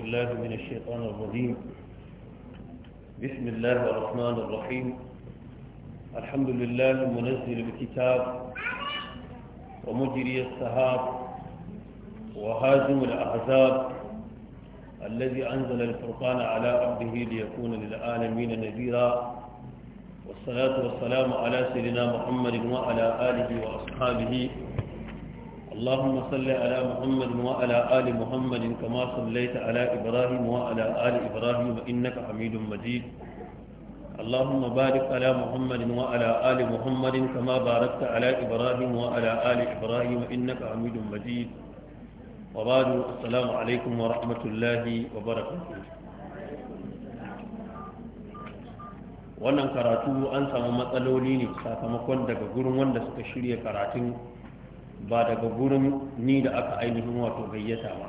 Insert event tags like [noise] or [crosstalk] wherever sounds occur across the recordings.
بالله من الشيطان الرجيم بسم الله الرحمن الرحيم الحمد لله منزل الكتاب ومجري السحاب وهازم الأحزاب الذي أنزل الفرقان على عبده ليكون للعالمين نذيرا والصلاة والسلام على سيدنا محمد وعلى آله وأصحابه اللهم صل على محمد وعلى آل محمد كما صليت على إبراهيم وعلى آل إبراهيم إنك حميد مجيد اللهم بارك على محمد وعلى آل محمد كما باركت على إبراهيم وعلى آل إبراهيم إنك حميد مجيد وبعد السلام عليكم ورحمة الله وبركاته wannan karatu an samu matsaloli ne sakamakon daga gurin wanda suka shirya karatun ba daga gurin ni da aka ainihin wato gayyata ba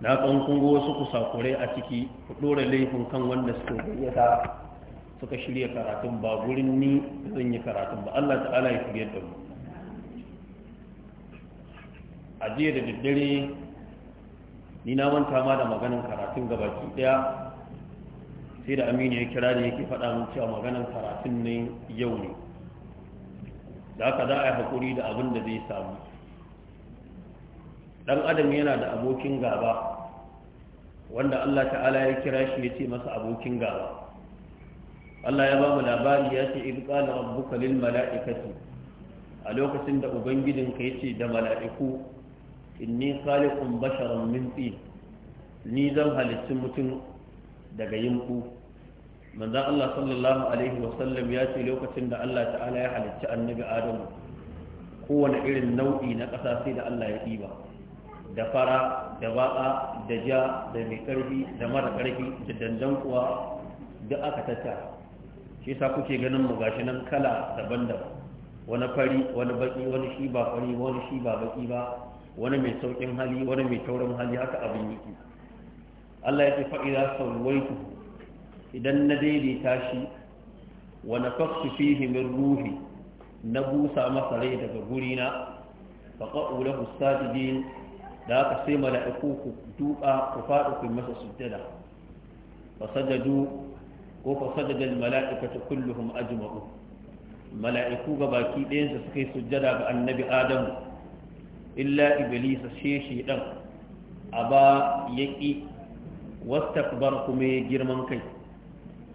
na kan kungo wasu kusakurai a ciki ku ɗora laifin kan wanda suka gayyata suka shirya karatun ba gurin ni zan yi karatun ba Allah ta'ala ya shirya da mu a jiya da daddare ni na manta ma da maganin karatun gabaki daya sai da aminu ya kira da yake faɗa mun cewa maganin karatun ne yau ne da haka za a yi haƙuri da abin da zai samu ɗan adam yana da abokin gaba wanda Allah ta'ala ya kira shi ya ce masa abokin gaba Allah ya ba mu labari ya ce idh qala rabbuka lil mala'ikati a lokacin da ubangijinka ya ce da mala'iku inni khaliqun basharan min tin ni zan halicci mutum daga yinku manzan Allah sallallahu alaihi wasallam ya ce lokacin da Allah ta'ala ya halicci annabi Adamu kowane irin nau'i na ƙasa sai da Allah ya ɗiba da fara da baƙa da ja da mai ƙarfi da mara ƙarfi da dandan kuwa duk aka tattara shi sa kuke ganin mu gashi nan kala daban-daban wani fari wani baki wani shi ba fari wani shi ba baki ba wani mai saukin hali wani mai taurin hali haka abin yake Allah ya ce fa'ida sauwaitu idan na daidaita shi wa nafaktu fihi min ruhi na busa masa rai daga gurina fa qa'u lahu sajidin da aka sai mala'iku ku duka ku faɗi ku masa sujjada fa sajadu ko fa sajada mala'ikatu kulluhum ajma'u mala'iku ga baki ɗayan su suka yi sujjada ga annabi adam illa iblisa shi shi dan aba yaqi wastakbar kuma girman kai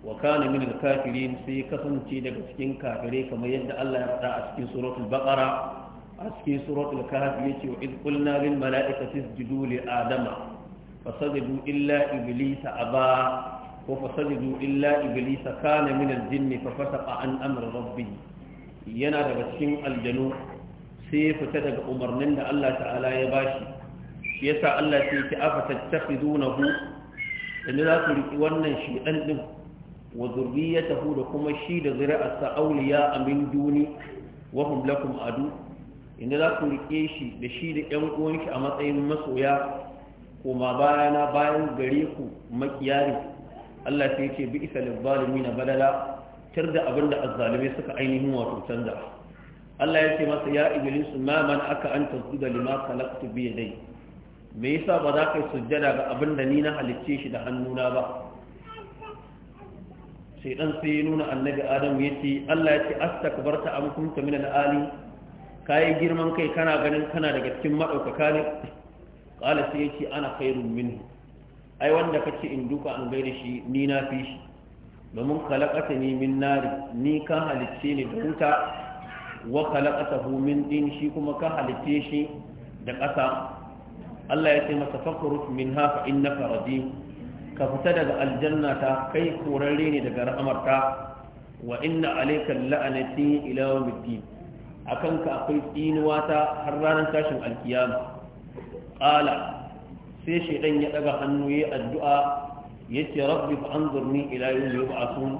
wa kana min al-kafirin sai kasance daga cikin kafirai kamar yadda Allah ya faɗa a cikin suratul baqara a cikin suratul kahf yace wa id qulna lil mala'ikati isjudu li adama fasajadu illa iblisa aba wa fasajadu illa iblisa kana min al-jinn fa fasaqa an amri rabbih yana daga cikin aljanu sai fita daga umarnin da Allah ta'ala ya bashi shi yasa Allah sai ki afa tattakhidunahu inda za ku riki wannan shedan ɗin wa zurriyatahu da kuma shi da zuri'arsa awliya amin duni wa hum lakum adu inda za ku rike shi da shi da ƴan uwan shi a matsayin masoya koma bayana bayan gare ku makiyari Allah sai ce bi isa na badala tar da abinda azzalimai suka ainihin wato canza Allah ya ce masa ya iblis ma man aka anta zuda lima khalaqtu bi yadai me yasa ba za ka sujjada ga abinda ni na halicce shi da hannuna ba shaidan sai ya nuna annabi adam ya ce Allah ya ce astakbarta an kunta min al-ali kayi girman kai kana ganin kana daga cikin madaukaka ne qala sai ya ce ana khairun min ai wanda ce in duka an gaida shi ni na fi shi domin khalaqata ni min nari ni ka halicce da wuta wa khalaqatahu min din shi kuma ka halicce shi da ƙasa Allah ya ce masa fakurut minha fa innaka rajim ka fita daga aljanna ta kai korarre ne daga ra'amarta wa inna alayka la'anati ila yawmiddin akan ka akwai tsinuwa ta har ranar tashin alkiyama qala sai shedan ya daga hannu yayi addu'a yace rabbi fa anzurni ila yawmi yub'athun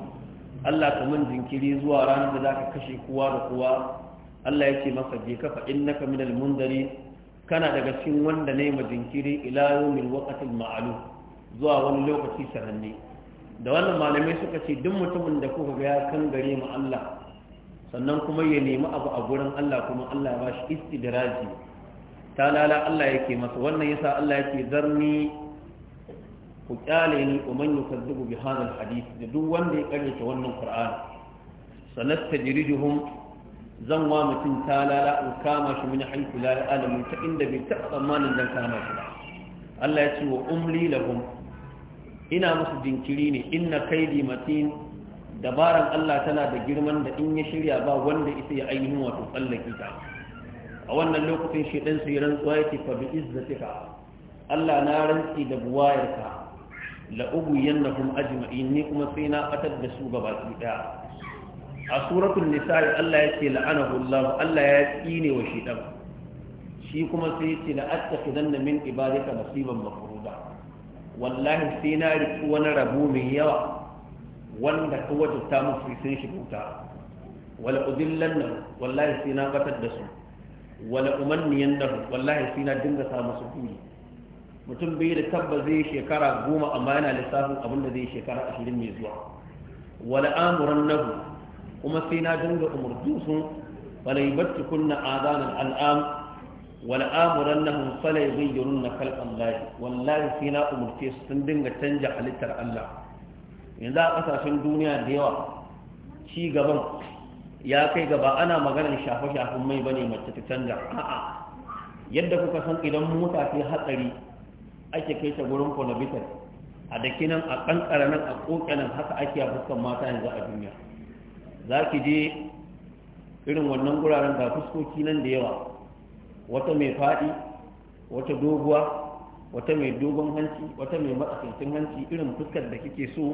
Allah ka mun jinkiri zuwa ranar da zaka kashe kowa da kowa Allah yake masa je ka fa innaka minal mundari kana daga cikin wanda ne majinkiri ila yawmil waqtil ma'lum zuwa wani lokaci sananne da wannan malamai suka ce duk mutumin da kuka ga kan gare mu Allah sannan kuma ya nemi abu a gurin Allah kuma Allah ya bashi istidraji ta lala Allah yake masa wannan yasa Allah yake zarni ku kyale ni umman yukazzubu bi hadal hadith da duk wanda ya karyata wannan Qur'an sanastajriduhum zan wa mutum ta lala in kama shi min haythu la ya'lamu ta inda bai taɓa tsammanin dan kama shi Allah ya ce wa umli lahum ina musu jinkiri ne inna kaidi matin dabaran Allah tana da girman da in ya shirya ba wanda isa ya ainihin wato tsallaki ta a wannan lokacin shi dan su yi rantsuwa yake fa bi izzatika Allah na rantsi da buwayarka la ubiyannahum ajma'in ni kuma sai na fatar da su gaba ki a suratul nisa'i Allah yake la'anahu Allah Allah ya tsine wa shi dan shi kuma sai yace la attaqidanna min ibadika nasiban mafu wallahi sai na riƙi wani rabu mai yawa wanda ka wajabta musu sun shi bauta wala udillan nan wallahi sai na batar da su wala umanniyan nan, wallahi sai na dinga sa musu kuri mutum bai da tabba zai shekara goma amma yana lissafin abin da zai shekara ashirin mai zuwa wala amuran nahu kuma sai na dinga umurtu su wala yi kunna azanan al'am wala amuran na hunfala ya zai yirun na kalkan layi wallahi sai na umarce su sun dinga canja halittar Allah yanzu a ƙasashen duniya da yawa ci gaban ya kai gaba ana maganar shafe-shafen mai ba ne mace ta canza. a'a yadda kuka san idan mota ta hatsari ake kai ta gurin kwanabitar a dakinan a kankara nan a kokanan haka ake a fuskan mata yanzu a duniya za ki je irin wannan wuraren ga fuskoki nan da yawa wata mai faɗi wata doguwa wata mai dogon hanci wata mai matsakaicin hanci irin fuskar da kike so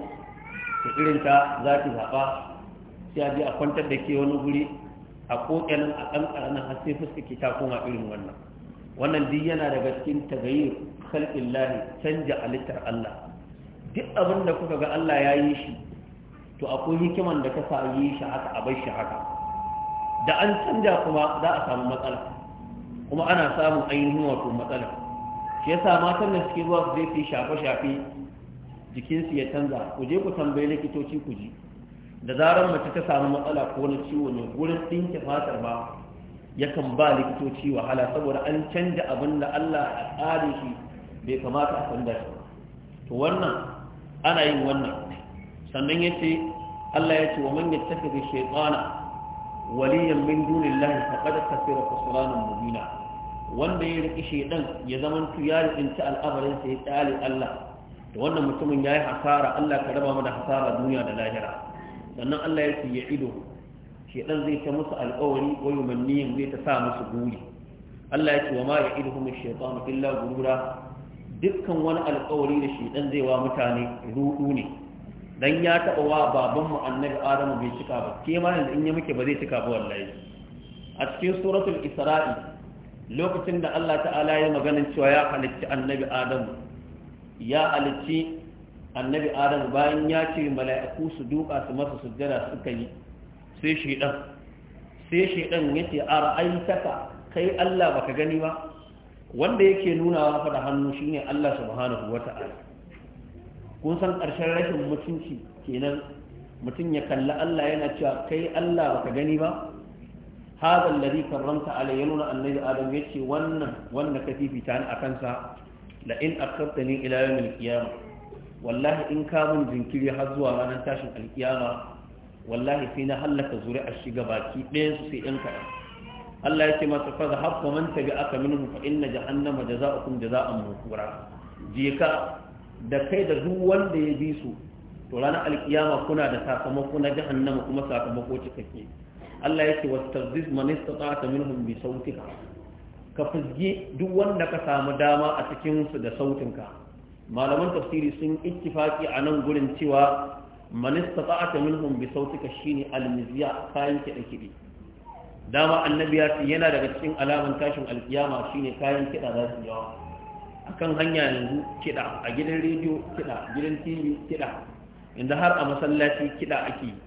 ta irin ta za ki zaɓa sai a je a kwantar da ke wani guri a kokarin a ɗan ƙaramin har sai fuskar ta koma irin wannan wannan duk yana daga cikin tagayyar khalqin lahi canja halittar Allah duk abin da kuka ga Allah ya yi shi to akwai hikiman da ka sa yi shi haka a bar shi haka da an canja kuma za a samu matsala kuma ana samun ainihin wato matsala shi yasa matan da suke zuwa su je su shafe-shafe jikinsu ya canza ku je ku tambayi likitoci ku ji da zarar mace ta samu matsala ko na ciwo ne gurin ɗinke fatar ba yakan ba likitoci wahala saboda an canja abin da Allah a tsare shi bai kamata a canza shi to wannan ana yin wannan sannan ya ce Allah ya ce wa man yattaka bi shaytana waliyan min dunillahi faqad khasira khusranan mubina wanda ya riƙi shaidan ya zaman tu ya riƙinci al'amarin sai ya tsali Allah da wannan mutumin ya yi hasara Allah ka raba mu da hasara duniya da lahira sannan Allah ya ya ido shaidan zai ta musu alƙawari ko yumanniyin zai ta sa musu guri Allah ya ce wa ma ya ido kuma shaitan illa gurura dukkan wani alƙawari da shaidan zai wa mutane ruɗu ne dan ya taɓa wa babanmu annabi adamu bai cika ba ke ma yanzu in ya muke ba zai cika ba wallahi a cikin suratul isra'i lokacin da Allah ta'ala ya maganin cewa ya halicci annabi Adamu ya halicci annabi Adamu bayan ya ce mala'iku su duka su masa sujjada suka yi sai shedan sai shedan yace ara'aitaka kai Allah baka gani ba wanda yake nuna wa da hannu shine Allah subhanahu wata'ala kun san karshen rashin mutunci kenan mutum ya kalli Allah yana cewa kai Allah baka gani ba هذا الذي كرمت علي ينون أن آدم يتشي ون ون كثيفي تان أكنسا لئن أخرتني إلى يوم القيامة والله إن كان جنكلي حزوا ما ننتاشن القيامة والله فينا هلك زرع الشقباكي ليس في إنك الله يتما فاذهب ومن تبعك منهم فإن جهنم جزاؤكم جزاء موفورا جيكا da kai da duk wanda ya bi su to ranar alkiyama kuna da sakamako na jahannama kuma sakamako cikakke Allah yake wastaziz man istata'ta minhum bi sautika ka fizge duk wanda ka samu dama a cikin su da sautinka malaman tafsiri sun ittifaki a nan gurin cewa man istata'ta minhum bi sautika shine al-mizya kayan kiɗa kiɗi dama annabi ya ce yana daga cikin alaman tashin alkiyama shine kayan kiɗa za su yawa akan hanya yanzu kiɗa a gidan rediyo kiɗa gidan tv kiɗa inda har a masallaci kiɗa ake yi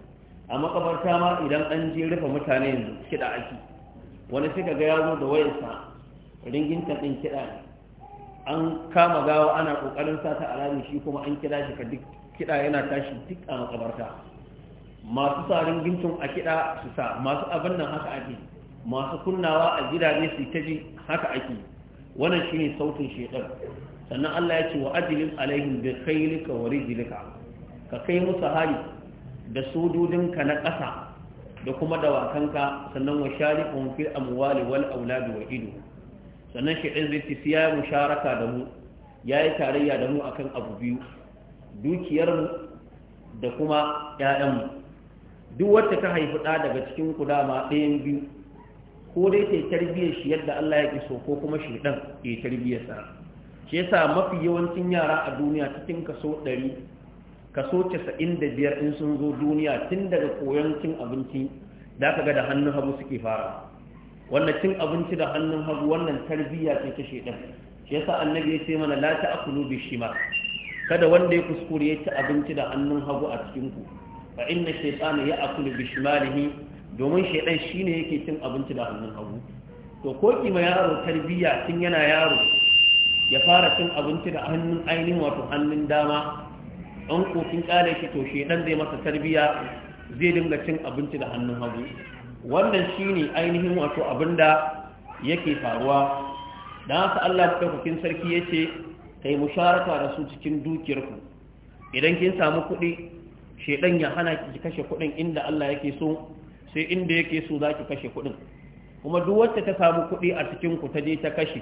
a makabarta ma idan an je rufe mutane yanzu kiɗa ake wani suka ga ya zo da wayarsa ringinta ɗin kiɗa ne an kama gawa ana ƙoƙarin sata alamu shi kuma an kiɗa shi ka duk kiɗa yana tashi duk a makabarta masu sa tun a kiɗa su sa masu abin nan haka ake masu kunnawa a gidaje su ta ji haka ake wannan shine sautin shekar sannan Allah ya ce wa ajilin alaihim bi khaylika wa rijlika ka kai musu hari da sojojinka na ƙasa da kuma dawakanka sannan wa shari'un fil amwali wal auladi wa ido sannan shi ɗin zai ya mu musharaka da mu ya yi tarayya da mu akan abu biyu dukiyarmu da kuma ‘ya'yanmu duk wacce ta haifi ɗa daga cikin ku dama ɗayan biyu ko dai ta yi tarbiyyar shi yadda Allah ya iso ko kuma shi ɗan ya yi sa. shi yasa mafi yawancin yara a duniya cikin kaso ɗari kaso biyar in sun zo duniya tun daga koyon cin abinci da ka ga da hannun hagu suke fara wannan cin abinci da hannun hagu wannan tarbiyya ce ta shaidan, shi yasa annabi ya ce mana la ta'kulu shima. kada wanda ya kuskure ya ci abinci da hannun hagu a cikin ku fa inna shaytana ya'kulu bishimalihi domin shedan shine yake cin abinci da hannun hagu to ko kima yaro tarbiyya tun yana yaro ya fara cin abinci da hannun ainihin wato hannun dama an kokin kare shi to shi dan zai masa tarbiya zai dinga cin abinci da hannun hagu wannan shine ainihin wato abinda yake faruwa dan haka Allah kin sarki yace kai musharaka da su cikin dukiyarku idan kin samu kuɗi shedan ya hana ki kashe kuɗin inda Allah yake so sai inda yake so zaki kashe kuɗin kuma duk wacce ta samu kuɗi a cikin ku ta je ta kashe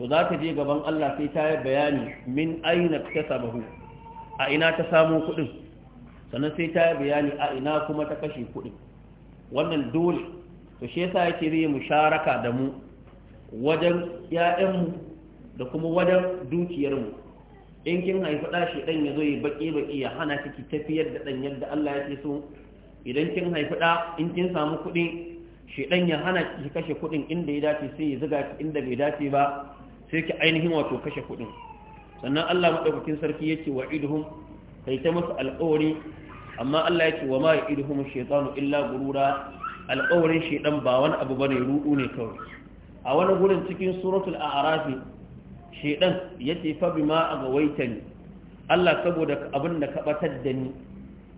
to za ta je gaban Allah sai ta yi bayani min aina ta sabahu a ina ta samu kuɗin sannan sai ta bayani a ina kuma ta kashe kuɗin wannan dole to shi yasa yake zai musharaka da mu wajen ‘ya'yanmu da kuma wajen dukiyarmu in kin haifi ɗashi ɗan ya zo yi baƙi-baƙi ya hana ki tafiyar da ɗan yadda Allah ya ce so idan kin haifi ɗa in kin samu kuɗi shi ɗan ya hana ki kashe kuɗin inda ya dace sai ya zuga ki inda bai dace ba sai ki ainihin wato kashe kuɗin sannan Allah maɗaukakin sarki yake iduhun, kai ta musu alƙawari amma Allah yake wa ma ya'iduhum shaytanu illa gurura alƙawarin shaydan ba wani abu bane ruɗu ne kawai a wani gurin cikin suratul a'raf ya ce fa bima ni. Allah saboda abin da ka batar da ni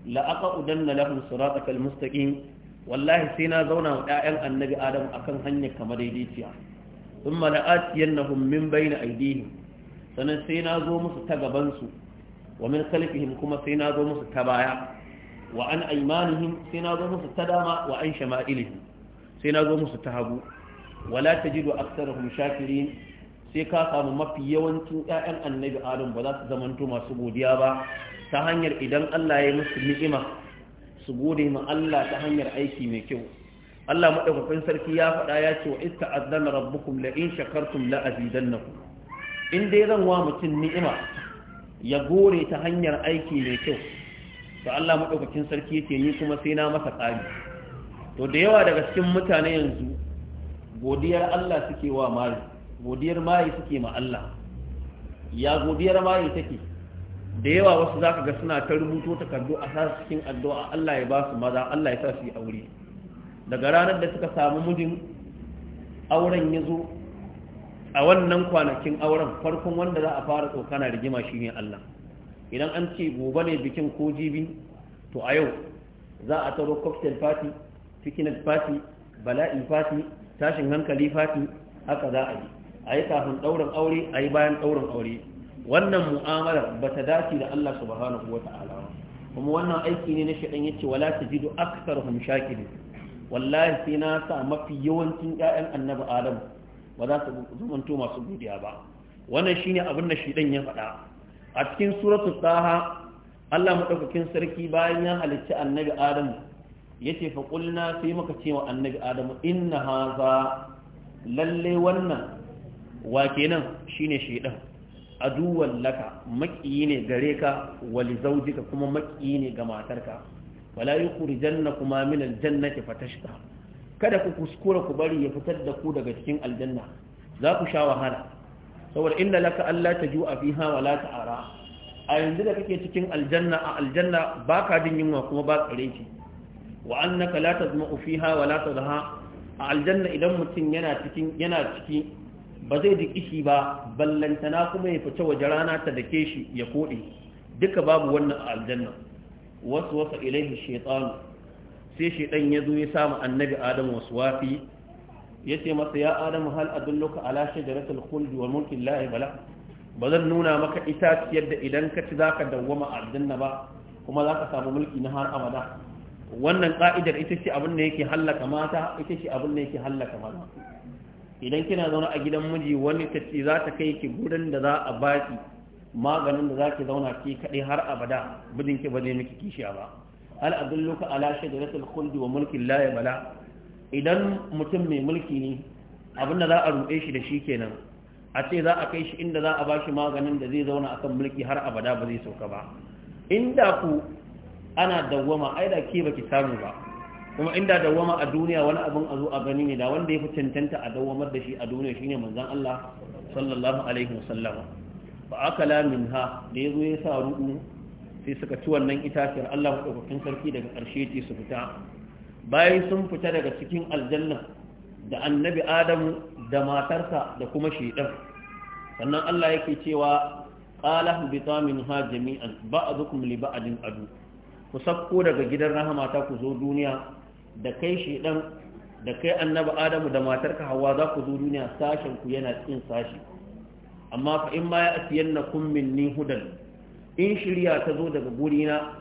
la aqudanna lahum siratal mustaqim wallahi sai na zauna wa 'ya'yan annabi adam akan hanyar kamar daidaiciya sun mala'atiyan na hummin bai na aidihi sannan sai na zo musu ta gabansu wa min khalfihim kuma sai na zo musu ta baya wa an aymanihim sai na zo musu ta dama wa an shama'ilihim sai na zo musu ta hagu wala tajidu aktharuhum shakirin sai ka samu mafi yawancin ƴaƴan annabi adam ba za su zamanto masu godiya ba ta hanyar idan Allah ya musu ni'ima su gode ma Allah ta hanyar aiki mai kyau Allah madaukakin sarki ya faɗa ya ce wa ista'adana rabbukum la in shakartum la azidannakum in dai zan wa mutum ni'ima ya gore ta hanyar aiki mai kyau to Allah madaukakin sarki yake ni kuma sai na masa ƙari to da yawa daga cikin mutane yanzu godiyar Allah suke wa mari godiyar mari suke ma Allah ya godiyar mari take da yawa wasu zaka ga suna ta rubuto takardu a sa cikin addu'a Allah ya ba su maza Allah ya sa su yi aure daga ranar da suka samu mijin auren ya zo a wannan kwanakin auren farkon wanda za a fara tsokana rigima ne Allah idan an ce gobe ne bikin ko jibi to a yau za a taro cocktail party picnic party bala'i party tashin hankali party haka za a yi a yi kafin ɗaurin aure a yi bayan ɗaurin aure wannan mu'amalar ba ta dace da Allah subhanahu wa ta'ala kuma wannan aiki ne na shaɗan yace wala ta aksar aktsaruhum shakirin wallahi sai na sa mafi yawancin ƴaƴan annabi Adamu. ba za su zumanto masu godiya ba wannan shine abin da shi dan ya faɗa a cikin suratul taha Allah madaukakin sarki bayan ya halicci annabi Adam yace fa qulna sai muka ce wa annabi Adam inna haza lalle wannan wa kenan shine shedan aduwan laka maƙiyi ne gare ka wali zaujika kuma maƙiyi ne ga matarka wala janna kuma min aljannati fatashqa kada ku kuskura ku bari ya fitar da ku daga cikin aljanna za ku sha wahala saboda inda laka Allah ta ju'a fiha wa la ta'ara a yanzu da kake cikin aljanna a aljanna baka jin yunwa kuma ba tsare ki wa annaka la tazma'u fiha wa la tadha a aljanna idan mutum yana cikin yana ciki ba zai ji kishi ba ballantana kuma ya fice waje rana ta dake shi ya kode duka babu wannan a aljanna wasu wasa ilaihi shaytanu sai shaidan ya zo ya samu annabi adam wasu wafi ya ce masa ya adam hal adulluka ala shajaratul khuld wa mulkin la bala ba zan nuna maka itaciyar da idan ka ci zaka dawwama aljanna ba kuma zaka samu mulki na har abada wannan ka'idar ita ce abin da yake hallaka mata ita ce abin da yake hallaka maza idan kina zaune a gidan miji wani ta ce za ta kai ki gurin da za a baki maganin da za ki zauna ki kaɗai har abada mijinki ba zai miki kishiya ba hal adulluka ala shajaratil khuld wa mulkin la bala idan mutum mai mulki ne abinda za a ruɓe shi da shi kenan a ce za a kai shi inda za a ba shi maganin da zai zauna akan mulki har abada ba zai sauka ba inda ku ana dawwama ai da ke baki samu ba kuma inda dawwama a duniya wani abin a zo a gani ne da wanda ya fi cancanta a dawwamar da shi a duniya shine manzon Allah sallallahu alaihi wasallam fa akala minha da yazo ya sa ru'u sai suka ci wannan itaciyar Allah maɗaukakin sarki daga karshe ce su fita bayan sun fita daga cikin aljanna da annabi adamu da matarsa da kuma shaidan sannan Allah yake cewa qala bita minha jami'an ba'dukum li ba'din adu ku sakko daga gidan rahama ta ku zo duniya da kai shaidan da kai annabi adamu da matarka hawa za ku zo duniya sashen ku yana cikin sashi amma fa in ma ya asiyannakum minni hudan in shirya ta zo daga gurina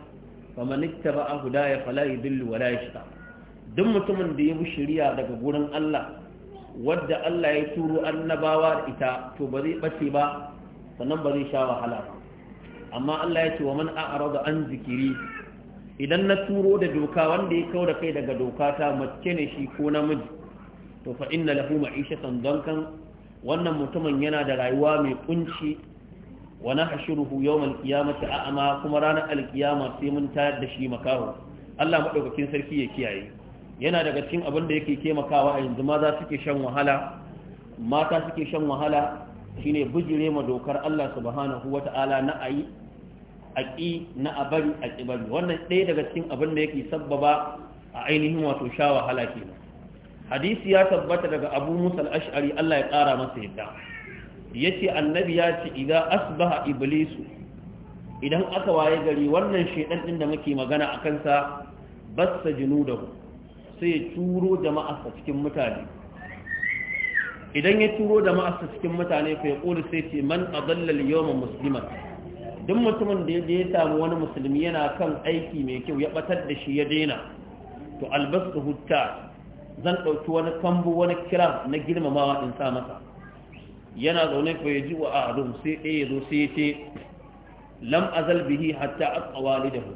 a huda ya fala yudillu wala shiga. duk mutumin da ya bi shirya daga gurin Allah wadda Allah ya turo annabawa da ita to ba zai bace ba sannan ba zai sha wahala amma Allah ya ce wa man a'rada an zikiri idan na turo da doka wanda ya kawo da kai daga doka ta mace ne shi ko namiji to fa inna lahu ma'ishatan dankan wannan mutumin yana da rayuwa mai kunci wa nahshuruhu yawmal a a'ma kuma ranar alkiyama sai mun tayar da shi makaho Allah madaukakin sarki ya kiyaye yana daga cikin abin da yake taimakawa a yanzu maza suke shan wahala mata suke shan wahala shine bijire ma dokar Allah subhanahu ta'ala na ayi aki na bari a bari wannan ɗaya daga cikin abin da yake sabbaba a ainihin wato sha wahala kenan hadisi ya tabbata daga Abu musal ashari Allah ya ƙara masa yadda yace annabi ya ce idan asbaha iblisu idan aka waye gari wannan shedan din da muke magana a kansa bassa junudahu sai ya turo jama'arsa cikin mutane idan ya turo jama'arsa cikin mutane fa sai ce man adalla al-yawma musliman duk mutumin da ya samu wani musulmi yana kan aiki mai kyau ya batar da shi ya daina to albasu hutta zan dauki wani kambu wani kira na girmamawa in sa masa yana zaune ya ji wa ahadum sai ɗaya ya zo sai ya ce lam azal bihi hatta atqa walidahu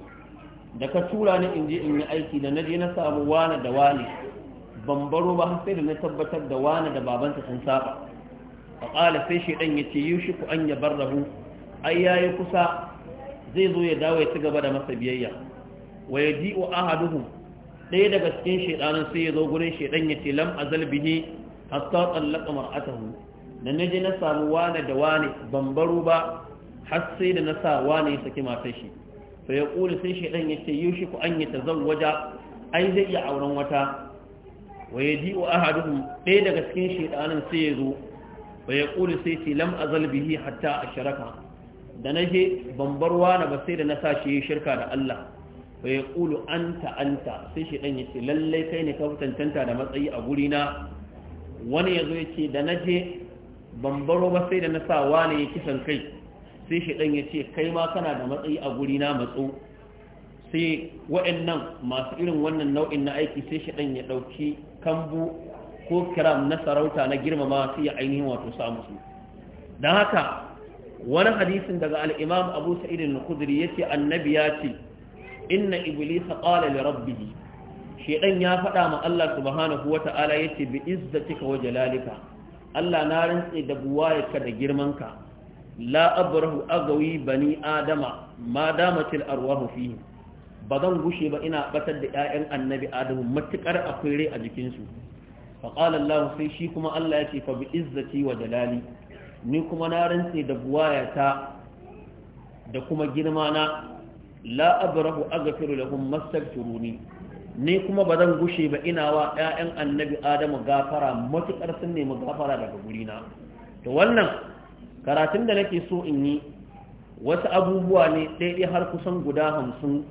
da ka tura ni in je in yi aiki da je na samu wani da wani ban baro ba sai da na tabbatar da wani da babanta sun saba fa qala sai shedan yace ku an yabarrahu ai yayi kusa zai zo ya dawo ya ci gaba da masa biyayya wa yaji'u ahaduhum ɗaya daga cikin shedanin sai ya zo gurin ya ce lam azal bihi hatta tallaqa mar'atahu da na je na samu wane da wane ban baro ba har sai da na sa wane ya saki matar shi fa ya kula sai shi ya ce yushi ku an yi zawwaja ai zai iya auren wata wa ya wa ahaduhum dai daga cikin shaidanin sai ya zo fa ya kula sai ce lam azal bihi hatta asharaka da na je ban bar wane ba sai da na sa shi shirka da Allah fa ya kula anta anta sai shi ya yace lallai kai ne ka fitantanta da matsayi a na wani ya zo ya ce da na je ban baro ba sai da na sa wani ya kisan kai sai ɗan ya ce kai ma kana da matsayi a guri na matso sai wa'annan masu irin wannan nau'in na aiki sai ɗan ya ɗauki kambu ko kiram na sarauta na girmama su ya ainihin wato samu su Don haka wani hadisin daga alimam imam Abu na al ya yace annabi ya ce inna iblisa qala rabbi. rabbih ɗan ya faɗa ma Allah subhanahu wata'ala yace bi izzatika wa jalalika Allah na rantse da buwayarka da girmanka la abrahu agawi bani adama ma damatil arwahu fihi ba zan gushe ba ina batar da ƴaƴan annabi adamu matukar akwai rai a jikin su fa qala Allah sai shi kuma Allah yace fa bi izzati wa jalali ni kuma na rantse da buwayata da kuma girma na la abrahu aghfiru lahum mastaghfiruni ni kuma ba zan gushe ba ina wa 'ya'yan annabi adamu gafara matuƙar sun nemi gafara daga gurina to wannan karatun da nake so in yi wasu abubuwa ne ɗaiɗai har kusan guda hamsin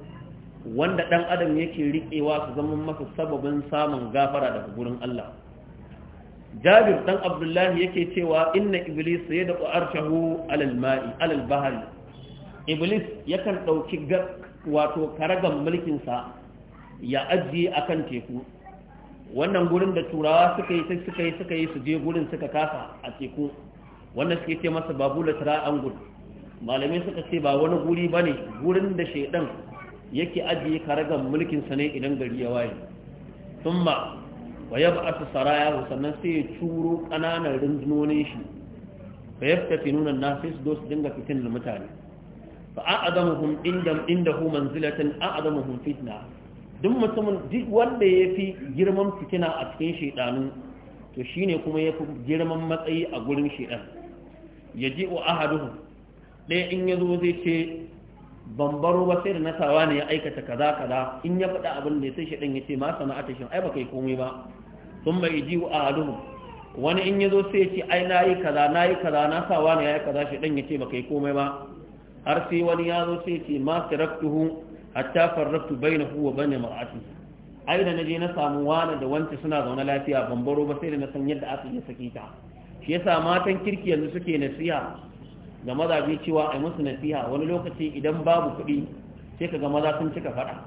wanda ɗan adam yake riƙewa su zama masa sababin samun gafara daga gurin Allah jabir ɗan abdullahi yake cewa inna iblis ya da arshahu alal ma'i alal iblis yakan ɗauki wato karagan mulkinsa ya ajiye a kan teku wannan gurin da turawa suka yi suka yi suka yi su je gurin suka kasa a teku wannan suke ce masa babula angul malamai suka ce ba wani guri bane gurin da shedan yake ajiye karagan mulkin sa ne idan gari ya waye thumma wa yab'athu saraya sannan sai ya turo kananan rundunonin shi fa yaftatinuna an-nas dos dinga fitin mutane fa a'adamuhum indam indahu manzilatan a'adamuhum fitna duk mutumin duk wanda ya fi girman fitina a cikin shaidanu to shi ne kuma ya fi girman matsayi a gurin shaidan ya ji wa ahaduhu ɗaya in ya zo zai ce ban baro ba sai da na sawa ne ya aikata kaza kaza in ya faɗa abin da sai shaidan ya ce ma sana'ata shin ai ba kai komai ba sun bai ji wa ahaduhu wani in ya zo sai ya ce ai na yi kaza na yi kaza na sawa ne ya yi kaza shaidan ya ce ba kai komai ba har sai wani ya zo sai ya ce ma siraktuhu hatta farraftu bainahu wa bani mar'ati ai da naje na samu wani da wance suna zaune lafiya ban baro ba sai da na san yadda aka yi saki ta shi yasa matan kirki yanzu suke nasiha ga maza bi cewa ai musu nasiha wani lokaci idan babu kuɗi sai kaga maza sun cika faɗa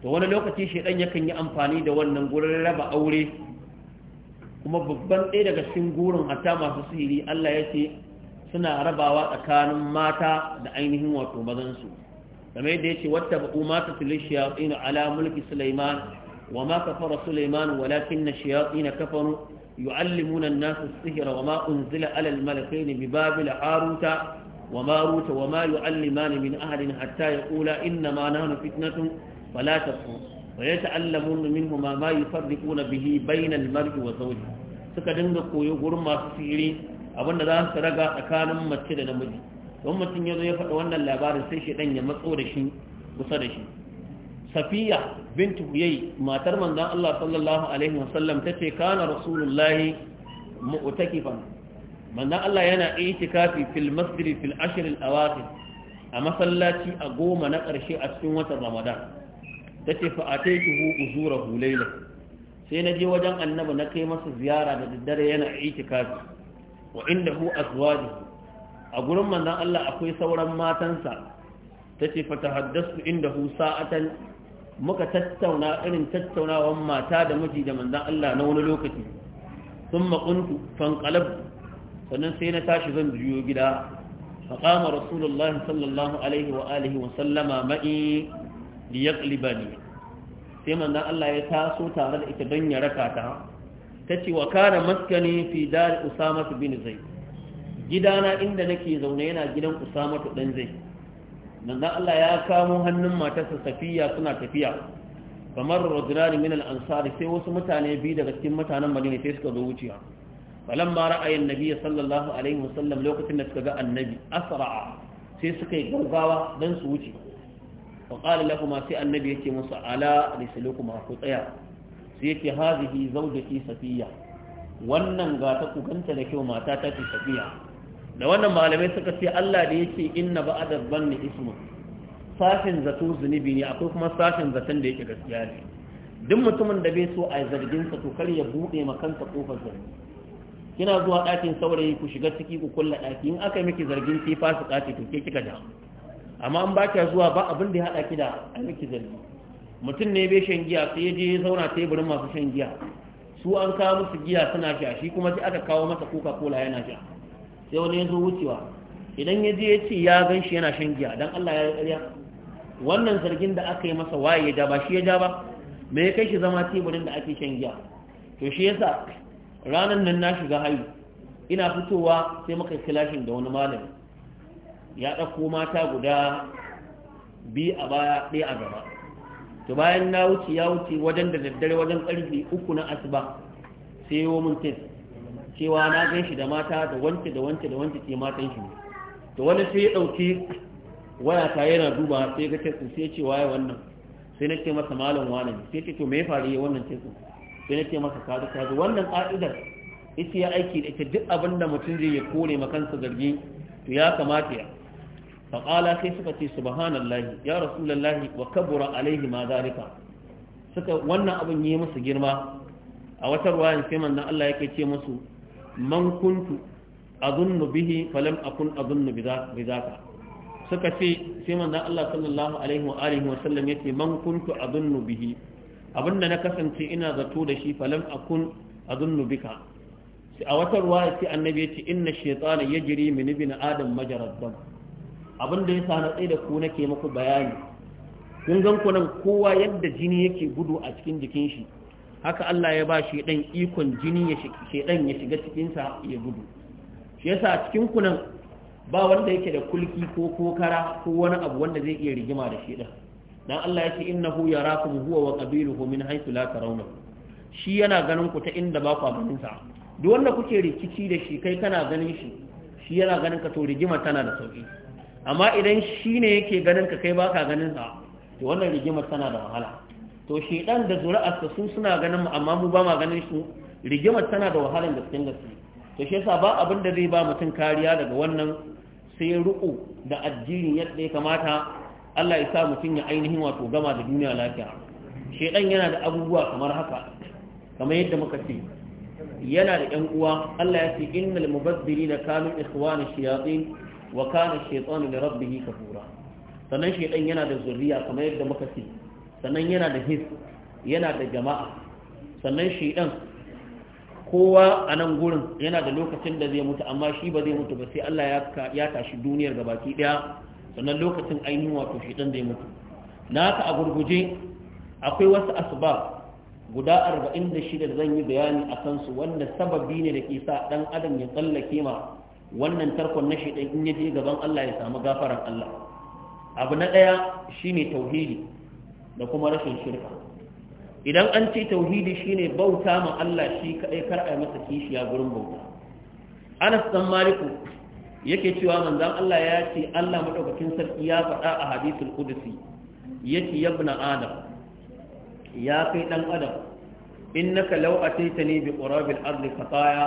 to wani lokaci shedan yakan yi amfani da wannan gurin raba aure kuma babban ɗaya daga cikin gurin hatta masu sihiri Allah ya ce suna rabawa tsakanin mata da ainihin wato su. kamar yadda yace wattaba ma tatlu shayatin ala mulki sulaiman wa ma kafara sulaiman walakinna shayatin kafaru yu'allimuna an-nasa wa ma unzila alal al-malakaini bi babil haruta wa ruta wa ma yu'allimani min ahadin hatta kula inna ma nahnu fitnatun fala takfur wa yata'allamuna minhuma ma yufarriquna bihi bayna al wa suka dinga koyo gurin masu sihiri abinda za su raga tsakanin mace da namiji don mutum ya zo ya faɗi wannan labarin sai shaidan ya matso da shi kusa da shi safiya bint huyai matar manzon Allah sallallahu alaihi wasallam tace kana rasulullahi mu'takifan Allah yana itikafi fil masjid fil ashr al awakhir a masallaci a goma na ƙarshe a cikin watan Ramadan tace fa ataytuhu uzurahu laylan sai na je wajen annabi na kai masa ziyara da daddare yana itikafi wa indahu azwajuhu a gurin manzan Allah akwai sauran matansa ta ce fata haddasu inda husa atan muka tattauna irin tattaunawan mata da miji da manzan Allah na wani lokaci sun makuntu fankalab sannan sai na tashi zan biyo gida a kama rasulullahi sallallahu alaihi wa alihi wa sallama ma'i da ya sai manzan Allah ya taso tare da ita don ya raka ta ta ce wa kana maskani fi dar usama bin zaid gidana inda nake zaune yana gidan usamatu dan zai manzon Allah ya kamo hannun matarsa safiya suna tafiya kamar rajulani min al-ansari sai wasu mutane biyu daga cikin mutanen Madina sai suka zo wuciya falamma ra'ayin nabi sallallahu alaihi wasallam lokacin da suka ga annabi asra'a sai suka yi gaggawa dan su wuce fa qala lahum sai annabi yake musu ala risalukum ku tsaya sai yake hazihi zawjati safiya wannan ga ta kuganta da kyau mata ta ce safiya da wannan malamai suka ce Allah da yake inna ba'da ni ismu sashin zato zunubi ne akwai kuma sashin zaton da yake gaskiya ne duk mutumin da bai so a zargin sa to kar ya bude makanta kofar zargi kina zuwa ɗakin saurayi ku shiga ciki ku kulla ɗaki in aka miki zargin sai fasu ƙaci to ke kika da amma an baki zuwa ba abin da ya haɗa ki da a miki zargi mutum ne bai shan giya sai ya je ya zauna teburin masu shan giya su an kawo musu giya suna sha shi kuma sai aka kawo masa coca cola yana sha sai wani ya zo wucewa idan ya je ya ce ya gan shi yana shan giya don Allah ya yi ƙarya wannan zargin da aka yi masa waye ya ja ba shi ya ja ba me ya kai shi zama teburin da ake shan giya to shi yasa ranar nan na shiga hayu ina fitowa sai muka kilashin da wani malami ya ɗauko mata guda biyu a baya ɗaya a gaba to bayan na wuce ya wuce wajen da daddare wajen ƙarfe uku na asuba sai yi min test cewa na gan shi da mata da wance da wance da wance ke matan shi to wani sai ya ɗauki waya ta yana duba sai ga teku sai ce waye wannan sai na ce masa malam wane sai ce to me ya faru wannan teku sai na ce masa kaza kaza wannan ka'idar ita ya aiki da ita duk abin da mutum zai ya kore ma kansa zargi to ya kamata ya qala sai suka ce subhanallahi ya rasulullahi wa kabura alaihi ma zalika suka wannan abin yi musu girma a wata ruwayan sai manzon Allah yake ce musu man kuntu azunnu bihi falam akun azunnu bidaka suka ce sai manzon Allah sallallahu alaihi wa alihi wa sallam yace man kuntu azunnu bihi abinda na kasance ina zato da shi falam akun azunnu bika a wata ruwa sai annabi yace inna shaytana yajri min ibn adam majarad dam abinda ya sa na tsaye da ku nake muku bayani kun gan ku nan kowa yadda jini yake gudu a cikin jikin shi haka Allah ya ba shi shaidan ikon jini ya shaidan ya shiga cikinsa ya gudu shi yasa a cikin ku nan ba wanda yake da kulki ko kokara ko wani abu wanda zai iya rigima da shaidan dan Allah ya ce innahu yarakum huwa wa qabiluhu min haythu la tarawna shi yana ganin ku ta inda ba ku ganin sa duk wanda kuke rikici da shi kai kana ganin shi shi yana ganin ka to rigima tana da sauki amma idan shi ne yake ganin ka kai baka ganin sa to wannan rigimar tana da wahala to shedan da zuri'arsa su suna ganin mu amma mu ba ma ganin su rigimar tana da wahalar gaskiyar gaske to shi yasa ba abin da zai ba mutum kariya daga wannan sai ruku da addini yadda ya kamata Allah ya sa mutum ya ainihin wato gama da duniya lafiya shedan yana da abubuwa kamar haka kamar yadda muka ce yana da ƴan uwa Allah ya ce innal mubazzirina kanu ikhwana shayatin wa kana shaytanu li rabbih kafura sannan shedan yana da zuriya kamar yadda muka ce sannan yana da his yana da jama'a sannan ɗan kowa a nan gurin yana da lokacin da zai mutu amma shi ba zai mutu ba sai Allah ya tashi duniyar gabaki daya sannan lokacin ainihin wato shaidan zai mutu na haka a gurguje akwai wasu asuba guda 46 da zan yi bayani a kansu wanda sababi ne da ke sa dan adam ya tsallake ma wannan tarkon na ɗan in ya je gaban Allah ya samu gafaran Allah abu na ɗaya shine tauhidi da kuma rashin shirka idan an ce tauhidi shine bauta ma Allah shi kaɗai kar a yi masa kishiya gurin bauta Anas dan Maliku yake cewa manzon Allah ya ce Allah madaukakin sarki ya faɗa a hadisul qudsi yace ya ibn adam ya kai dan adam innaka law ataitani bi qurabil ardi khataya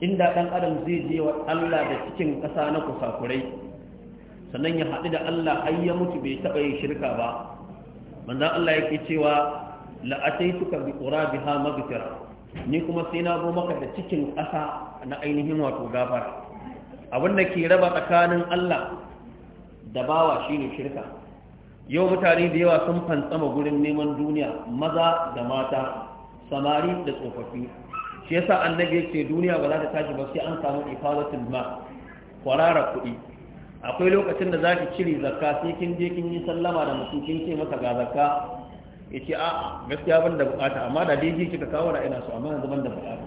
inda dan adam zai je wa Allah da cikin ƙasa na kusakurai sannan ya haɗu da Allah har ya mutu bai taɓa yin shirka ba manzan Allah yake cewa la'ataituka bi ha maghfira ni kuma sai na zo maka da cikin ƙasa na ainihin wato gafara abin da ke raba tsakanin Allah da bawa shine shirka yau mutane da yawa sun fantsama gurin neman duniya maza da mata samari da tsofaffi shi yasa annabi yake duniya ba za ta tashi ba sai an samu ifadatul ma kwarara kuɗi akwai lokacin da za ki cire zakka sai kin je kin yi sallama da mutum kin ce masa ga zakka ya ce a gaskiya ban da bukata amma da daidai kika kawo da ina so amma yanzu ban da bukata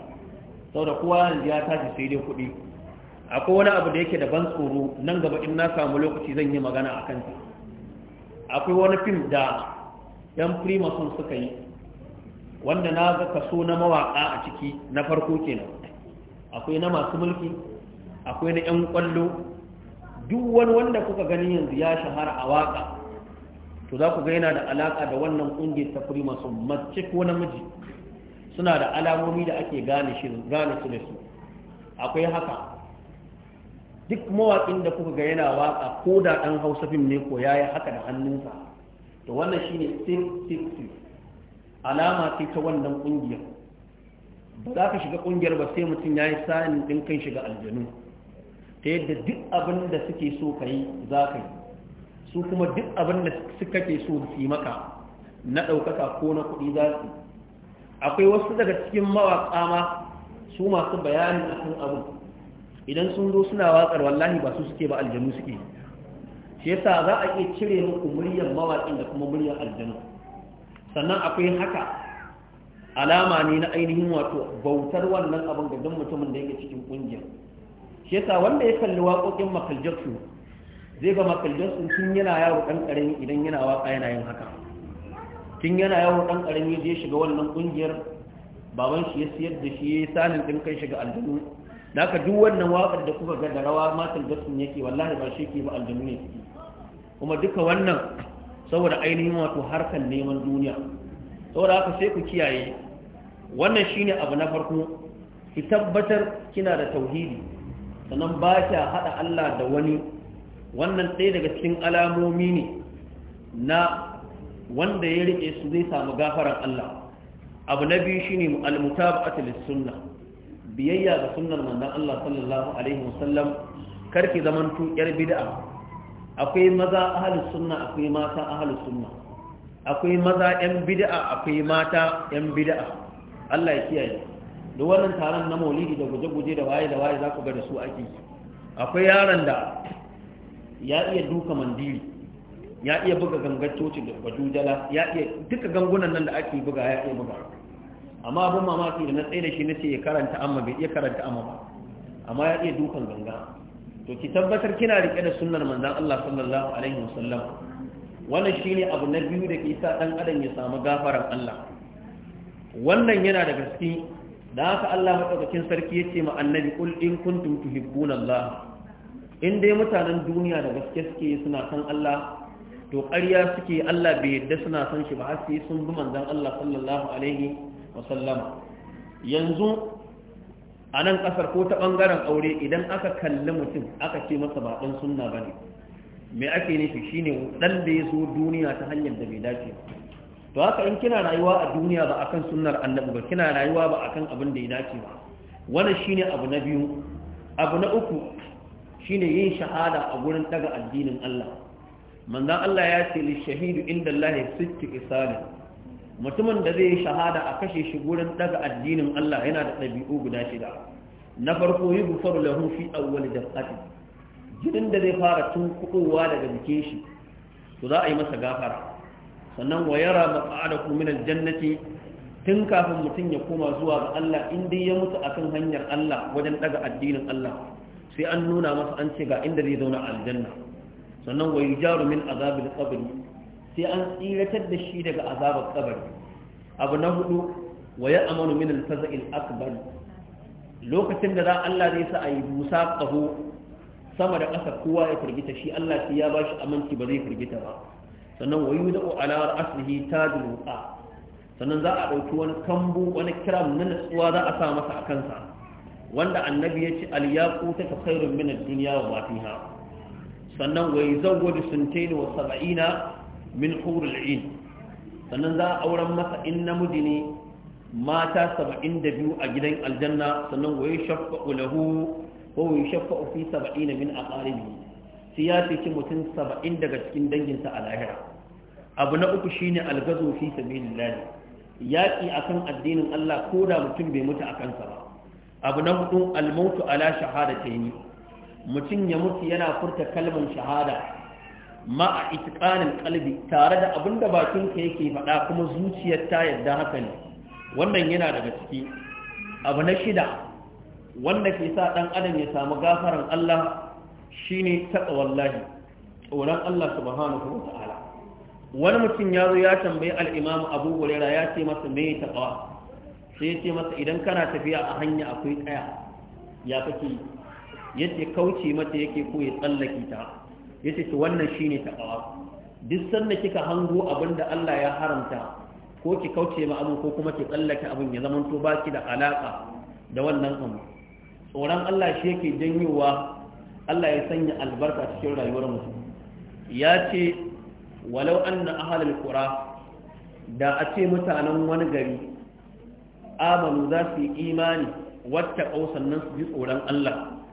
saboda kowa yanzu ya tashi sai dai kuɗi akwai wani abu da yake da ban tsoro nan gaba in na samu lokaci zan yi magana a kanta akwai wani fim da yan primason suka yi wanda na ga kaso na mawaƙa a ciki na farko kenan akwai na masu mulki akwai na 'yan kwallo duk wani wanda kuka gani yanzu ya shahara a waka to za ku ga yana da alaka da wannan kungiyar ta kuri masu mace ko namiji suna da alamomi da ake gane shi su da su akwai haka duk mawaƙin da kuka ga yana waka ko da ɗan hausa fim ne ko ya yi haka da hannunsa to wannan shine 666 alama ce ta wannan kungiyar ba za ka shiga kungiyar ba sai mutum ya yi sa'in ɗin kan shiga aljanu ta yadda duk abin da suke so ka yi za ka yi su kuma duk abin da suka ke so su yi maka na ɗaukaka ko na kuɗi za su akwai wasu daga cikin mawaƙa ma su masu bayani a kan abin idan sun zo suna waƙar wallahi ba su suke ba aljanu suke shi yasa za a iya cire muku muryar mawaƙin da kuma muryar aljanu sannan akwai haka alama ne na ainihin wato bautar wannan abin ga duk mutumin da yake cikin ƙungiyar shi yasa wanda ya kalli waƙoƙin Michael zai ga Michael Jackson tun yana yawo ɗan ƙarami idan yana waƙa yana yin haka tun yana yawo ɗan ƙarami zai shiga wannan ƙungiyar baban shi ya siyar da shi ya yi sanin ɗin kai shiga aljanu da aka duk wannan waƙar da kuka ga da rawa Michael Jackson yake wallahi ba shi ke ba aljanu ne kuma duka wannan saboda ainihin wato harkar neman duniya saboda haka sai ku kiyaye wannan shine abu na farko ki tabbatar kina da tauhidi sannan ba ta haɗa Allah da wani wannan ɗaya daga cikin alamomi ne na wanda ya riƙe su zai samu gafaran Allah abu na biyu shine al-mutaba'atu lis-sunnah biyayya ga sunnar manzon Allah sallallahu alaihi wasallam karki zaman tu yar bid'a akwai maza a sunna akwai mata a sunna akwai maza yan bid'a akwai mata yan bid'a Allah ya kiyaye duk wannan taron na maulidi da guje-guje da waye da waye za ku ga da su ake akwai yaron da ya iya duka mandiri ya iya buga gangar coci da bajujala ya iya duka gangunan nan da ake buga ya iya buga amma abin mamaki da na tsaye da shi na ce ya karanta amma bai iya karanta amma ba amma ya iya dukan ganga to ki tabbatar kina rike da sunnar manzon Allah sallallahu alaihi wasallam wannan shine abu na biyu da ke sa dan adam ya samu gafaran Allah wannan yana da gaske da haka Allah madaukakin sarki yace ma annabi kul in kuntum tuhibbuna Allah in dai mutanen duniya da gaske suke suna san Allah to ƙarya suke Allah bai yadda suna san shi ba har sai sun bi manzon Allah sallallahu alaihi wa sallam yanzu a nan ƙasar ko ta ɓangaren aure idan aka kalli mutum aka ce masa ba sunna ba ne me ake nufi shine ɗan da ya zo duniya ta hanyar da bai dace ba to haka in kina rayuwa a duniya ba akan sunnar annabi ba kina rayuwa ba akan abin da ya dace ba wannan shine abu na biyu abu na uku shine yin shahada a gurin daga addinin Allah manzon Allah ya ce li shahidu inda Allah sitti isali mutumin da zai shahada a kashe shi gurin daga addinin Allah yana da ɗabi'u guda shida na farko yi gufar lahu fi awwal dafati jinin da zai fara tun kuɗowa daga jikin shi to za a yi masa gafara sannan wa yara maq'adakum min aljannati tun kafin mutum ya koma zuwa ga Allah in dai ya mutu akan hanyar Allah wajen daga addinin Allah sai an nuna masa an ce ga inda zai zauna aljanna sannan wa yujaru min azabil sai an tsiratar da shi daga azabar qabr abu na hudu wa ya'manu min al-faza'il akbar lokacin da za Allah zai sa ayi busa qahu sama da ƙasa kowa ya firgita shi Allah sai ya bashi aminci ba zai firgita ba sannan wayu da ala aslihi tajul wuqa sannan za a dauki wani kambu wani kiram na natsuwa za a sa masa a kansa wanda annabi ya ce al yaqut ta khairun min ad-dunya wa ma fiha sannan wayu zawwaju suntayn wa sab'ina min hur al-ain sannan za a auren masa in namiji ne mata 72 a gidan aljanna sannan wayu shaffa'u lahu wa wayu shaffa'u fi sab'ina min aqaribihi sai ya mutum saba'in daga cikin danginsa a lahira abu na uku shine algazo fi sabilillah yaƙi akan addinin Allah ko da mutum bai mutu a kansa ba abu na hudu almautu ala shahada shahadataini mutum ya mutu yana furta kalmar shahada ma a itqanin qalbi tare da abinda bakin ka yake faɗa kuma zuciyar ta yadda haka ne wannan yana daga ciki abu na shida wanda ke sa ɗan adam ya samu gafaran Allah Shi taɓa wallahi. tsoron Allah subhanahu wa ta'ala wani mutum ya zo ya tambayi al’imamu Abu Hurairah ya ce masa me ya taqwa sai ya ce masa idan kana tafiya a hanya akwai ƙaya ya Ya ce kauce mata yake ko ya tsallake ta ce su wannan shi ne taqwa duk sanda kika hango abinda Allah ya haramta ko ki kauce ma abin ko kuma ki tsallake abin ya zama to baki da alaka da wannan abu tsoron Allah shi yake janyowa Allah ya sanya albarka cikin rayuwar mutum ya ce walau anna ahlul kura, da a ce mutanen wani gari amanu za su yi imani wata sannan su ji tsoron Allah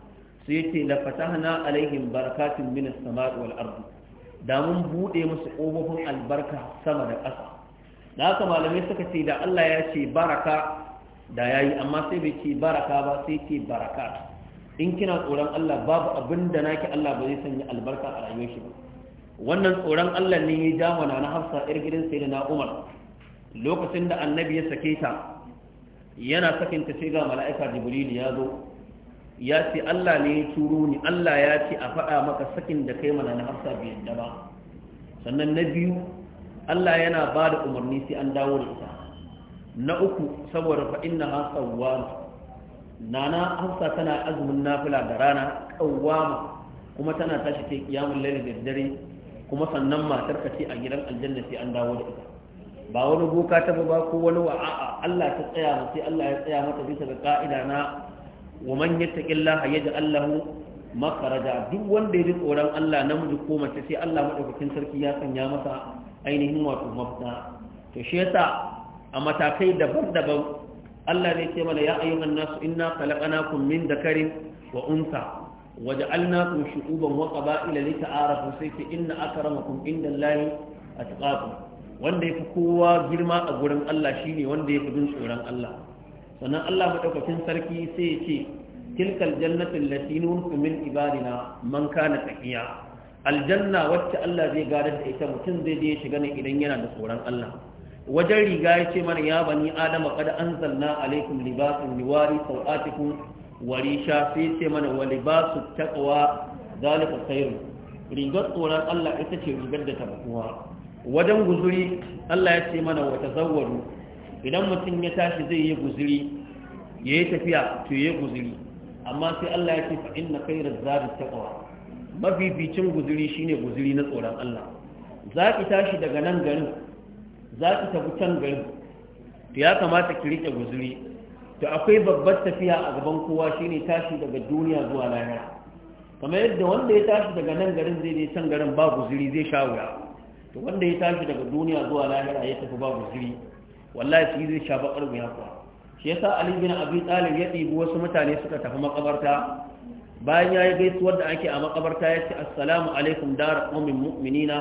su yake la fatahna alaihim barakatun minas samai wal ardi da mun bude musu ƙofofin albarka sama da ƙasa da haka malamai suka ce da Allah ya ce baraka da yayi amma sai bai ce baraka ba sai ce barakat in kina tsoron Allah babu abin da naki Allah ba zai sanya albarka a rayuwar shi ba wannan tsoron Allah ne ya ja wa na Hafsa yar gidan na Umar lokacin da annabi ya sake ta yana sakin ta sai ga mala'ika Jibril ya zo ya ce Allah ne ya turo ni Allah ya ce a faɗa maka sakin da kai mana na Hafsa bai yadda ba sannan na biyu Allah yana ba da umarni sai an dawo da ita na uku saboda fa inna ha nana hafsa tana azumin nafila da rana kawama kuma tana tashi ta kiyamun laili da dare kuma sannan matar ka ce a gidan aljanna sai an dawo da ita ba wani boka ta ba ko wani wa'a'a Allah ta tsaya mu sai Allah ya tsaya mata bisa ga ka'ida na wa man yattaqillaha yaj'al lahu makaraja duk wanda ya ji tsoron Allah namiji ko mace sai Allah madaukakin sarki ya sanya masa ainihin wato mafita to shi yasa a matakai daban-daban Allah ne ce mana ya ayyuhan nasu kana khalaqnakum min dhakarin wa unsa waja'alnakum shu'uban wa lita arafu sai ce inna akramakum indallahi atqakum wanda yafi kowa girma a gurin Allah ne wanda ya fi bin tsoron Allah sannan Allah madaukakin sarki sai ya ce tilkal jannatu allati nunqu ibadina man kana tsakiya" aljanna wacce Allah zai gadar da ita mutum zai je shiga ne idan yana da tsoron Allah wajen riga ya ce mana ya bani adama kad anzalna alaikum libasun liwari sawatikum warisha sai ce mana wa libasu taqwa zalika khairun rigar tsoron Allah ita ce rigar da tabuwa wajen guzuri Allah ya ce mana wa tazawwaru idan mutum ya tashi zai yi guzuri yayi tafiya to yayi guzuri amma sai Allah ya ce fa inna khairaz zadi taqwa mafificin guzuri shine guzuri na tsoron Allah za ki tashi daga nan garin za ki tafi can gari to ya kamata ki rike guzuri to akwai babbar tafiya a gaban kowa shine tashi daga duniya zuwa lahira kamar yadda wanda ya tashi daga nan garin zai je can garin ba guzuri zai sha wuya to wanda ya tashi daga duniya zuwa lahira ya tafi ba guzuri wallahi shi zai sha bakar wuya kuwa shi yasa Ali bin Abi Talib ya ɗibi wasu mutane suka tafi makabarta bayan ya yi gaisuwar da ake a makabarta ya ce assalamu alaikum dar qaumin mu'minina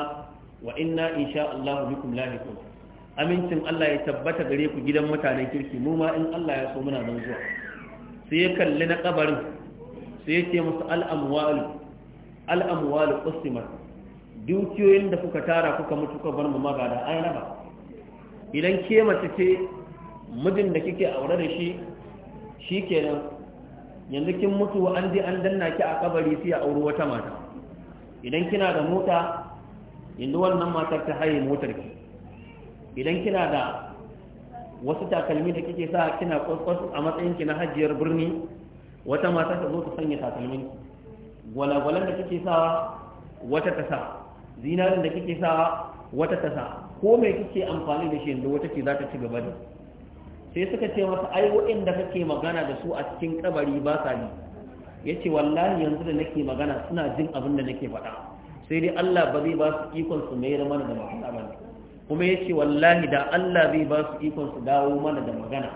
wa inna insha Allah bikum lahiqun amincin Allah ya tabbata gare ku gidan mutanen kirki mu ma in Allah ya so muna nan zuwa sai ya kalli na kabarin sai ya ce musu al'amwalu al'amwalu qusimat dukiyoyin da kuka tara kuka mutu kuka bar mu magada an raba idan ke mace ce mijin da kike aure da shi shikenan yanzu kin mutu an ji an danna ki a kabari sai ya auri wata mata idan kina da mota yanzu wannan matar ta haye motar ki idan kina da wasu takalmi da kike sa kina kwaskwas a matsayin ki na hajjiyar birni wata mata ta zo ta sanya takalmi gwalagwalan da kike sa wata ta sa zinarin da kike sa wata ta sa ko mai kike amfani da shi yanzu wata ce za ta ci gaba da sai suka ce masa ai waɗanda kake magana da su a cikin kabari ba sa yi ya ce wallahi yanzu da nake magana suna jin abin da nake faɗa sai dai Allah ba zai ba su ikon su mayar mana da masu ba kuma ya ce wallahi da Allah zai ba su ikon su dawo mana da magana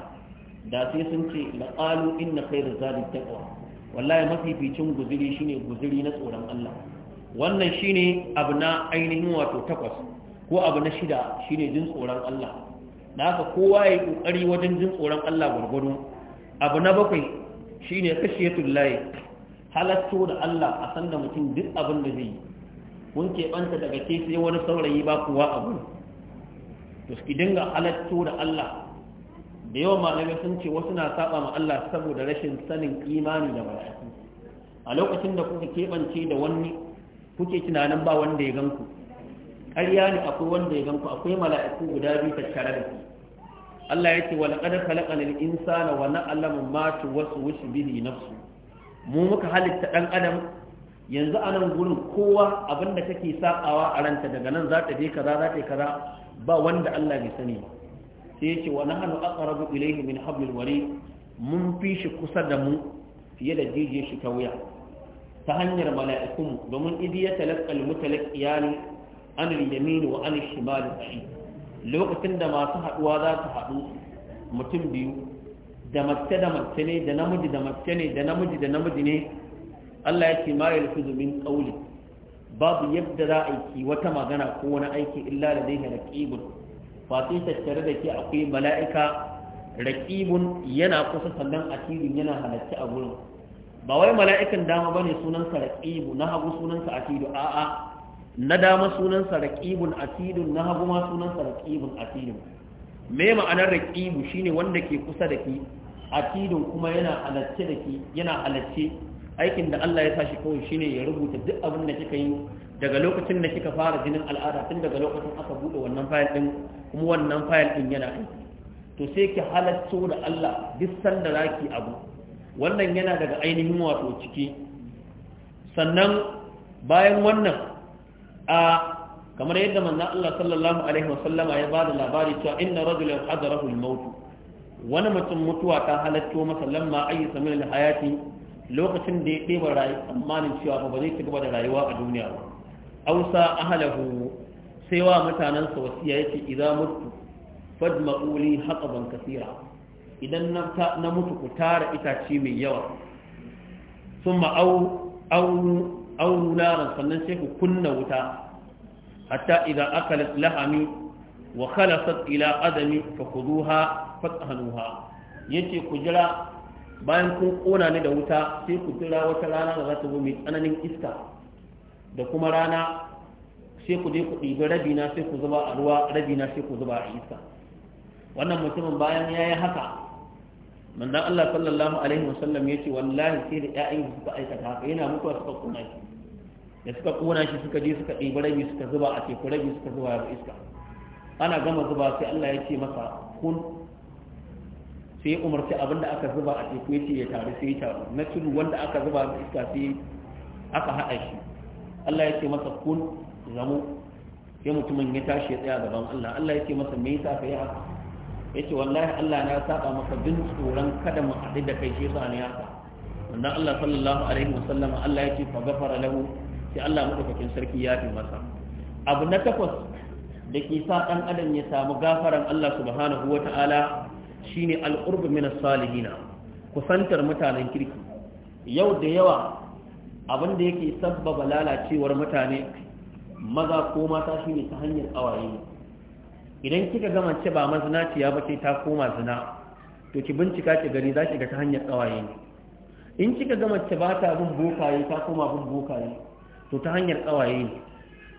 da sai sun ce laqalu inna khayra da taqwa wallahi mafificin guzuri shine guzuri na tsoron Allah wannan shine abu na ainihin wato takwas ko abu na shida shine jin tsoron Allah da haka kowa ya yi ƙoƙari wajen jin tsoron Allah gwargwado. abu na bakwai shine kashe tullaye halatto da Allah a sanda mutum duk abin da zai yi kun keɓanta daga ke sai wani saurayi ba kuwa abu da su dinga halatto da Allah da yawan malamai sun ce wasu na saba ma Allah saboda rashin sanin imani da mala'iku a lokacin da kuka keɓance da wani kuke tunanin ba wanda ya ganku ƙarya ne akwai wanda ya ganku akwai mala'iku guda biyu tattare da ku Allah ya ce walaƙar kalaƙanin insana wa na'lamu ma wasu wuce bihi nafsu mu muka halitta ɗan adam yanzu anan nan gurin kowa abinda take sakawa a ranta daga nan za ta je kaza za ta kaza ba wanda Allah bai sani ba sai yace wa nahnu aqrabu ilayhi min hablil warid mun fi shi kusa da mu fiye da jijiyar shi ta wuya ta hanyar mala'ikun domin idi ya talakkal mutalaqiyani an al-yamin wa an al-shimal lokacin da masu haduwa za su haɗu mutum biyu da mace da mace ne da namiji da mace ne da namiji da namiji ne Allah ya ce ma yalfizu min qawli babu yadda za a yi wata magana ko wani aiki illa da zai raqibun fa sai tattare da ke akwai mala'ika raqibun yana kusa sannan asirin yana halarci a gurin ba wai mala'ikan dama bane sunansa raqibu na hagu sunansa asidu a'a na dama sunansa raqibun asidun na hagu ma sunansa raqibun asidun me ma'anar raqibu shine wanda ke kusa da ki asidun kuma yana halarci da ki yana halarci aikin da Allah ya sa shi kawai shine ya rubuta duk abin da kika yi daga lokacin da kika fara jinin al'ada tun daga lokacin aka bude wannan fayil din kuma wannan fayil din yana kai to sai ki halatto da Allah duk sanda zaki abu wannan yana daga ainihin wato ciki sannan bayan wannan a kamar yadda manzon Allah sallallahu alaihi wasallama ya bada labari cewa inna rajulan hadarahu al-maut wani mutum mutuwa ta halatto masa lamma ayyuka min al-hayati lokacin da ya ɗeba rayu tsammanin cewa ba zai ci gaba da rayuwa a duniya ba ausa ahalahu sai wa mutanensa wasiya yace idan mutu fadma'uli haqaban kasira idan na mutu ku tara itace mai yawa su au au au sannan sai ku kunna wuta hatta idan akalat lahami wa khalasat ila adami fakhuduha fatahnuha yace ku jira bayan kun kona ni da wuta sai ku jira wata rana da za ta zo mai tsananin iska da kuma rana sai ku je ku ɗibi rabina sai ku zuba a ruwa rabina sai ku zuba a iska wannan mutumin bayan ya yi haka manzan Allah sallallahu alaihi wasallam ya ce wallahi sai da ƴaƴan suka aikata haka yana mutuwa suka kona shi da suka kona shi suka je suka ɗibi rabi suka zuba a teku rabi suka zuba a iska ana gama zuba sai Allah ya ce masa kun sai umarci abin da aka zuba a teku yace ya taru sai ya taru na tudu wanda aka zuba a iska sai aka haɗa shi Allah ya ce masa kun zamo sai mutumin ya tashi ya tsaya gaban Allah Allah ya ce masa me yasa ka yi haka yace wallahi Allah na saba maka bin tsoron kada mu haɗu da kai shi sani haka wannan Allah sallallahu alaihi wasallam Allah ya ce fa gafara lahu sai Allah madaukakin sarki ya fi masa abu na takwas da ke sa ɗan adam ya samu gafaran Allah subhanahu wa ta'ala shine alqurb min as-salihina kusantar mutanen kirki yau da yawa abin da yake sabbaba lalacewar mutane maza ko mata shine ta hanyar awaye idan kika ga mace ba mazina ce ba ce ta koma zina to ki bincika ki gani za ki ga ta hanyar awaye in kika ga mace ba ta bin bokaye ta koma bin bokaye to ta hanyar awaye ne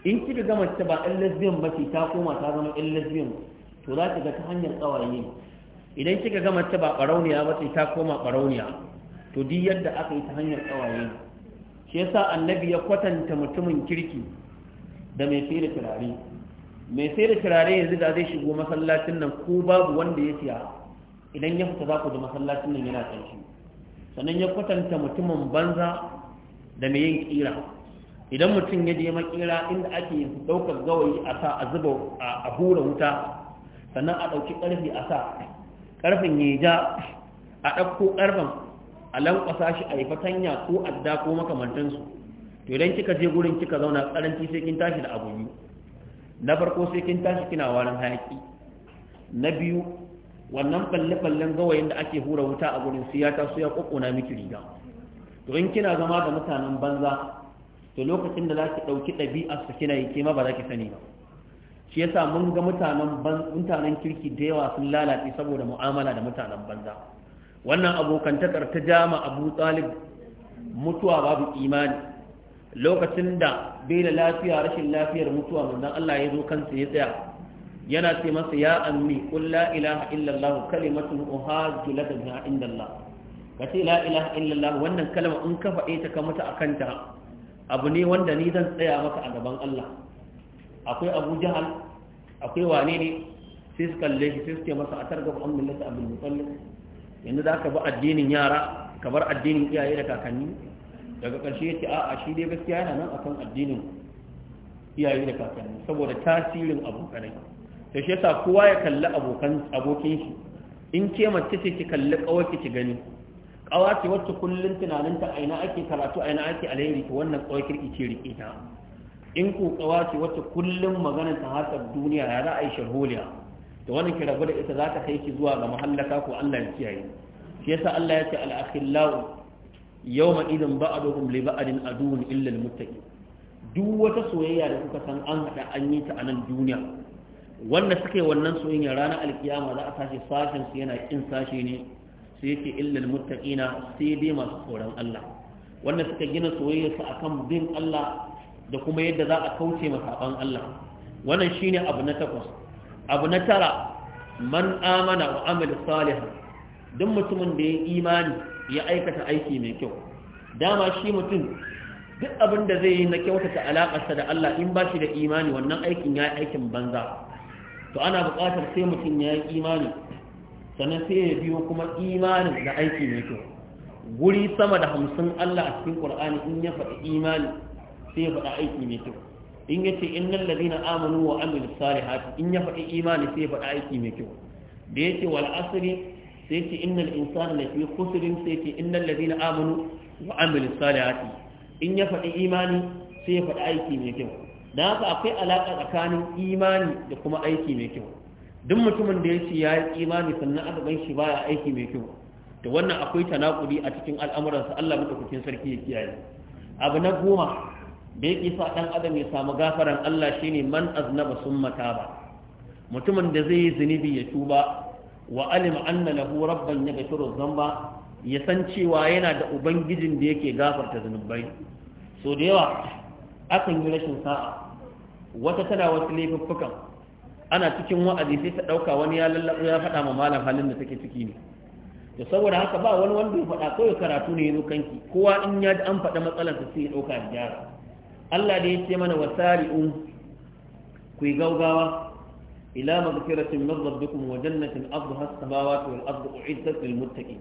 in kika ga mace ba ɗan lesbian ba ce ta koma ta zama ɗan lesbian to za ki ga ta hanyar awaye idan kika gama ta ba barauniya ba sai ta koma barauniya to duk yadda aka yi ta hanyar kawaye shi yasa annabi ya kwatanta mutumin kirki da mai sai da turare mai sai da turare yanzu da zai shigo masallacin nan ko babu wanda ya siya idan ya fita za ku da masallacin nan yana ƙarshe sannan ya kwatanta mutumin banza da mai yin kira idan mutum ya je makera inda ake ɗaukar gawayi a sa a zuba a hura wuta sannan a ɗauki ƙarfi a sa ƙarfin ya ja a ɗauko ƙarfin a lankwasa shi a yi fatanya ko adda ko makamantansu to idan kika je gurin kika zauna karanci sai kin tashi da abu biyu na farko sai kin tashi kina warin hayaki na biyu wannan falle-fallen gawayin da ake hura wuta a gurin su ya taso ya kokona miki riga to in kina zama da mutanen banza to lokacin da za ki ɗauki ɗabi'a su kina yi ke ba za ki sani ba shi yasa mun ga mutanen kirki da yawa sun lalace saboda mu'amala da mutanen banza wannan abokantakar ta jama abu talib mutuwa babu imani lokacin da bai da lafiya rashin lafiyar mutuwa manzon Allah ya zo kansa ya tsaya yana ce masa ya ammi qul la ilaha illallah kalimatun uhajju laka biha inda Allah kace la ilaha illallah wannan kalma in ka faɗe ta ka mutu akan ta abu ne wanda ni zan tsaya maka a gaban Allah akwai abu jahal akwai wane ne sai su kalle shi sai su ce masa a targaba an millata abin mutsalli yanzu za ka bi addinin yara ka bar addinin iyaye da kakanni daga ƙarshe ya ce a'a shi dai gaskiya yana nan akan addinin iyaye da kakanni saboda tasirin abokanai da shi yasa kowa ya kalli abokin shi in ke mace ce ki kalli kawai ki gani kawa ce wacce kullum tunaninta aina ake karatu aina ake alheri to wannan kawai kirki ce rike ta in kokawa ce wata kullum maganar ta harkar duniya ya za a sharholiya da wani ki rabu da ita za ta kai ki zuwa ga mahallaka ko Allah ya kiyaye shi yasa Allah ya ce al-akhillau yawma idan ba'duhum li ba'din adun illa al duk wata soyayya da kuka san an hada an yi ta a nan duniya wanda suka yi wannan soyayya ranar alkiyama za a tashi sashen su yana kin sashe ne sai yake illa al-muttaqina sai dai masu tsoron Allah wanda suka gina soyayya su akan bin Allah da kuma yadda za a kauce ma saban Allah wannan shine abu na takwas abu na tara man amana wa amala salihan duk mutumin da ya imani ya aikata aiki mai kyau dama shi mutum duk abin da zai yi na kyautata alaƙarsa da Allah in ba shi da imani wannan aikin ya yi aikin banza to ana buƙatar sai mutum ya yi imani sannan sai ya biyo kuma imanin da aiki mai kyau guri sama da hamsin Allah a cikin ƙur'ani in ya faɗi imani sai ya faɗa aiki mai kyau in ya ce innal ladina amanu wa amilu salihati in ya faɗi imani sai ya faɗa aiki mai kyau da ya ce wal asri sai ce innal da lafi kusurin sai ce innal ladina amanu wa amilu salihati in ya faɗi imani sai ya faɗi aiki mai kyau dan haka akwai alaƙa tsakanin imani da kuma aiki mai kyau duk mutumin da ya ce ya yi imani sannan aka gan shi baya aiki mai kyau Da wannan akwai tanakuri a cikin al'amuransa Allah madaukakin sarki ya kiyaye abu na goma da yake sa ɗan adam ya samu gafaran Allah shine man aznaba mata ba mutumin da zai yi zunubi ya tuba wa alima anna lahu rabban yaghfiru ba ya san cewa yana da ubangijin da yake gafarta zunubai so da yawa akan yi rashin sa'a wata tana wasu laifuffukan ana cikin wa'azi sai ta ɗauka wani ya lallaɓo ya faɗa ma malam halin da take ciki ne da saboda haka ba wani wanda ya faɗa kawai karatu ne ya zo kanki kowa in ya ji an faɗa matsalar sai ya ɗauka ya gyara Allah da ya ce mana wasari'u ku yi gaugawa ila magfiratin min rabbikum wa jannatin ardha as-samawati wal ardu u'iddat lil muttaqin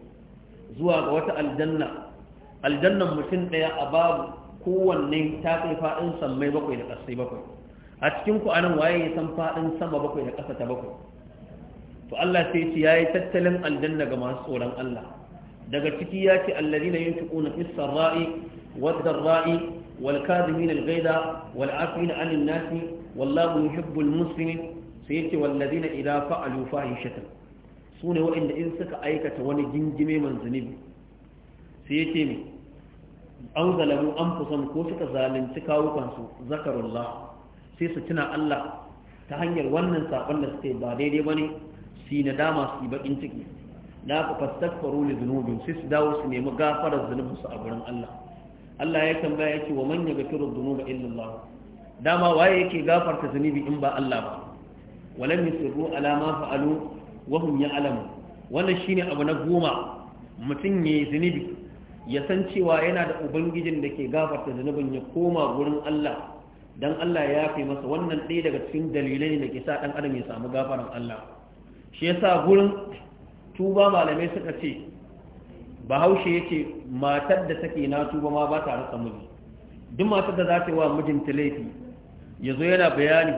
zuwa ga wata aljanna aljannan mutum daya a babu kowanne ta kai fadin sammai bakwai da ƙasai bakwai a cikin ku anan waye ya san fadin sama bakwai da ƙasa ta bakwai to Allah sai ce yayi tattalin aljanna ga masu tsoron Allah daga ciki ya ce alladina yunfiquna fis sarra'i wad dharra'i والكاذبين الغيظ والعافين عن الناس والله يحب المسلمين سيتي والذين إذا فعلوا فاحشة سوني وإن إن سكا أيكة وني جنجمي من ذنب سيتي مي أو ظلموا أنفسهم كو سكا ظالم سكا وكانسو ذكر الله سيسو تنا الله تهنير ونن ساقن سكي بادي دي بني سي نداما سي بقين تكي لا فاستغفروا لذنوبهم سيس داو سنيم غافر الذنوب سأبرن الله Allah ya tambaya yake wa man yaghfiru dhunuba illa Allah dama waye yake gafarta zunubi in ba Allah ba walam yusirru ala ma fa'alu wa hum ya'lamu wannan shine abu na goma mutum yayi zunubi ya san cewa yana da ubangijin da ke gafarta zunubin ya koma gurin Allah dan Allah ya yafe masa wannan ɗaya daga cikin dalilai ne da ke sa dan adam ya samu gafaran Allah shi yasa gurin tuba malamai suka ce bahaushe ya ce matar da take na tuba ma ba ta rasa miji duk matar da za ta yi wa mijinta laifi ya zo yana bayani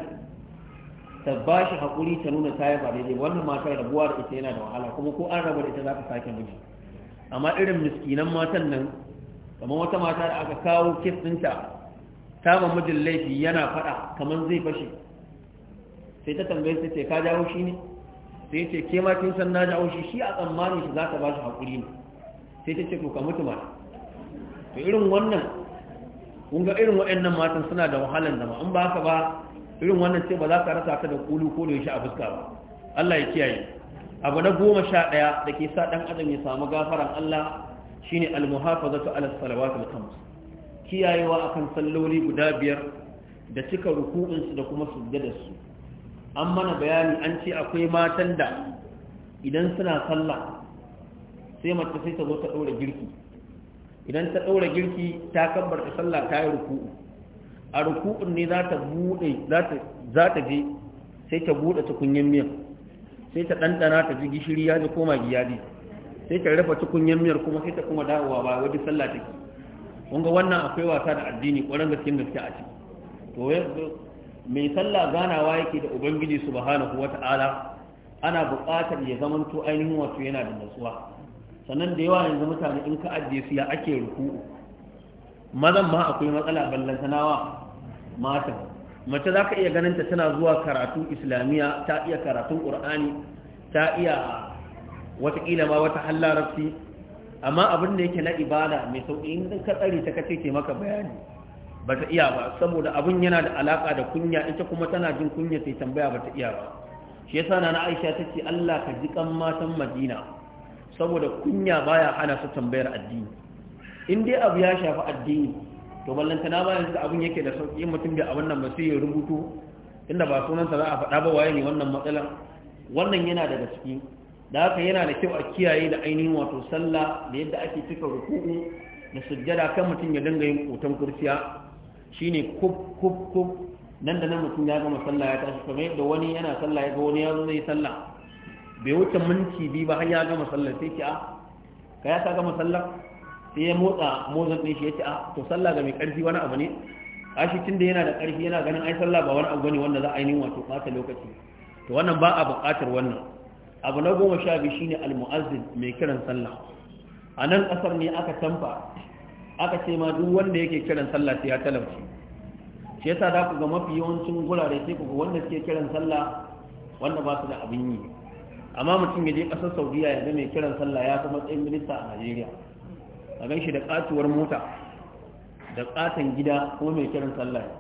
ta ba shi haƙuri ta nuna ta yi faɗi daidai wannan matar rabuwa da ita yana da wahala kuma ko an raba da ita za ta sake miji amma irin miskinan matan nan kamar wata mata da aka kawo kes ɗinta ta ma mijin laifi yana faɗa kamar zai fashe sai ta tambaye ta ce ka jawo shi ne sai ce ke ma kin san na jawo shi shi a tsammanin shi za ta ba shi haƙuri ne sai ta ce to ka mutu ba to irin wannan kun irin waɗannan matan suna da wahalan zama in ba haka ba irin wannan ce ba za ka rasa ta da kulu ko da yashi a fuska ba Allah ya kiyaye abu na goma sha ɗaya da ke sa ɗan adam ya samu gafaran Allah shine almuhafazatu ala salawatul khams kiyayewa akan salloli guda biyar da cika ruku'un su da kuma da su an mana bayani an ce akwai matan da idan suna sallah sai mace sai ta zo ta ɗaura girki idan ta ɗaura girki ta ta sallah ta yi ruku'u a ruku'un ne za ta buɗe za ta je sai ta buɗe tukunyen miyar sai ta ɗanɗana ta ji gishiri ya ji koma giyadi sai ta rufe tukunyen miyar kuma sai ta kuma dawowa ba wajen sallah take kun ga wannan akwai wasa da addini ƙwarar gaskiyar gaske a ciki to mai sallah ganawa yake da ubangiji subhanahu wata'ala ana buƙatar ya zamanto ainihin wato yana da natsuwa sannan da yawa yanzu mutane in ka ajiye su ya ake ruku'u mazan ma akwai matsala ballantanawa mata mace za ka iya ganin ta tana zuwa karatu islamiyya ta iya karatun ƙur'ani ta iya wataƙila ma wata hallararci amma abin da yake na ibada mai sauƙi in ka tsare ta kace ke maka bayani ba ta iya ba saboda abin yana da alaƙa da kunya ita kuma tana jin kunya sai tambaya ba ta iya ba shi yasa na Aisha tace Allah ka ji kan matan Madina saboda kunya baya hana su tambayar addini in dai abu ya shafi addini to ballanta na bayan da abin yake da sauki mutum da a wannan ba sai ya rubuto inda ba sunansa za a faɗa ba waye ne wannan matsalan wannan yana daga ciki da haka yana da kyau a kiyaye da ainihin wato sallah da yadda ake cika ruku'u da sujjada kan mutum ya dinga yin kotan kursiya shine kuf kuf kuf nan da nan mutum ya gama sallah ya tashi kamar yadda wani yana sallah ya ga wani ya zo zai sallah bai wuce minti biyu ba har ya gama sallar sai ce a ka ya gama sallar sai ya motsa motsin ɗin shi ya ce a to sallah ga mai ƙarfi wani abu ne a shi tun da yana da ƙarfi yana ganin ai sallah ba wani abu ne wanda za a yi wato ɓata lokaci to wannan ba a buƙatar wannan abu na goma sha biyu shine almu'azzin mai kiran sallah a nan ƙasar ne aka tamfa aka ce ma duk wanda yake kiran sallah sai ya talauci shi yasa za ku ga mafi yawancin gurare sai ku ga wanda suke kiran sallah wanda ba su da abin yi amma mutum ya je kasar saudiya ya mai kiran sallah ya fi matsayin minista a najeriya a gan shi da katuwar mota da katon gida kuma mai kiran sallah ya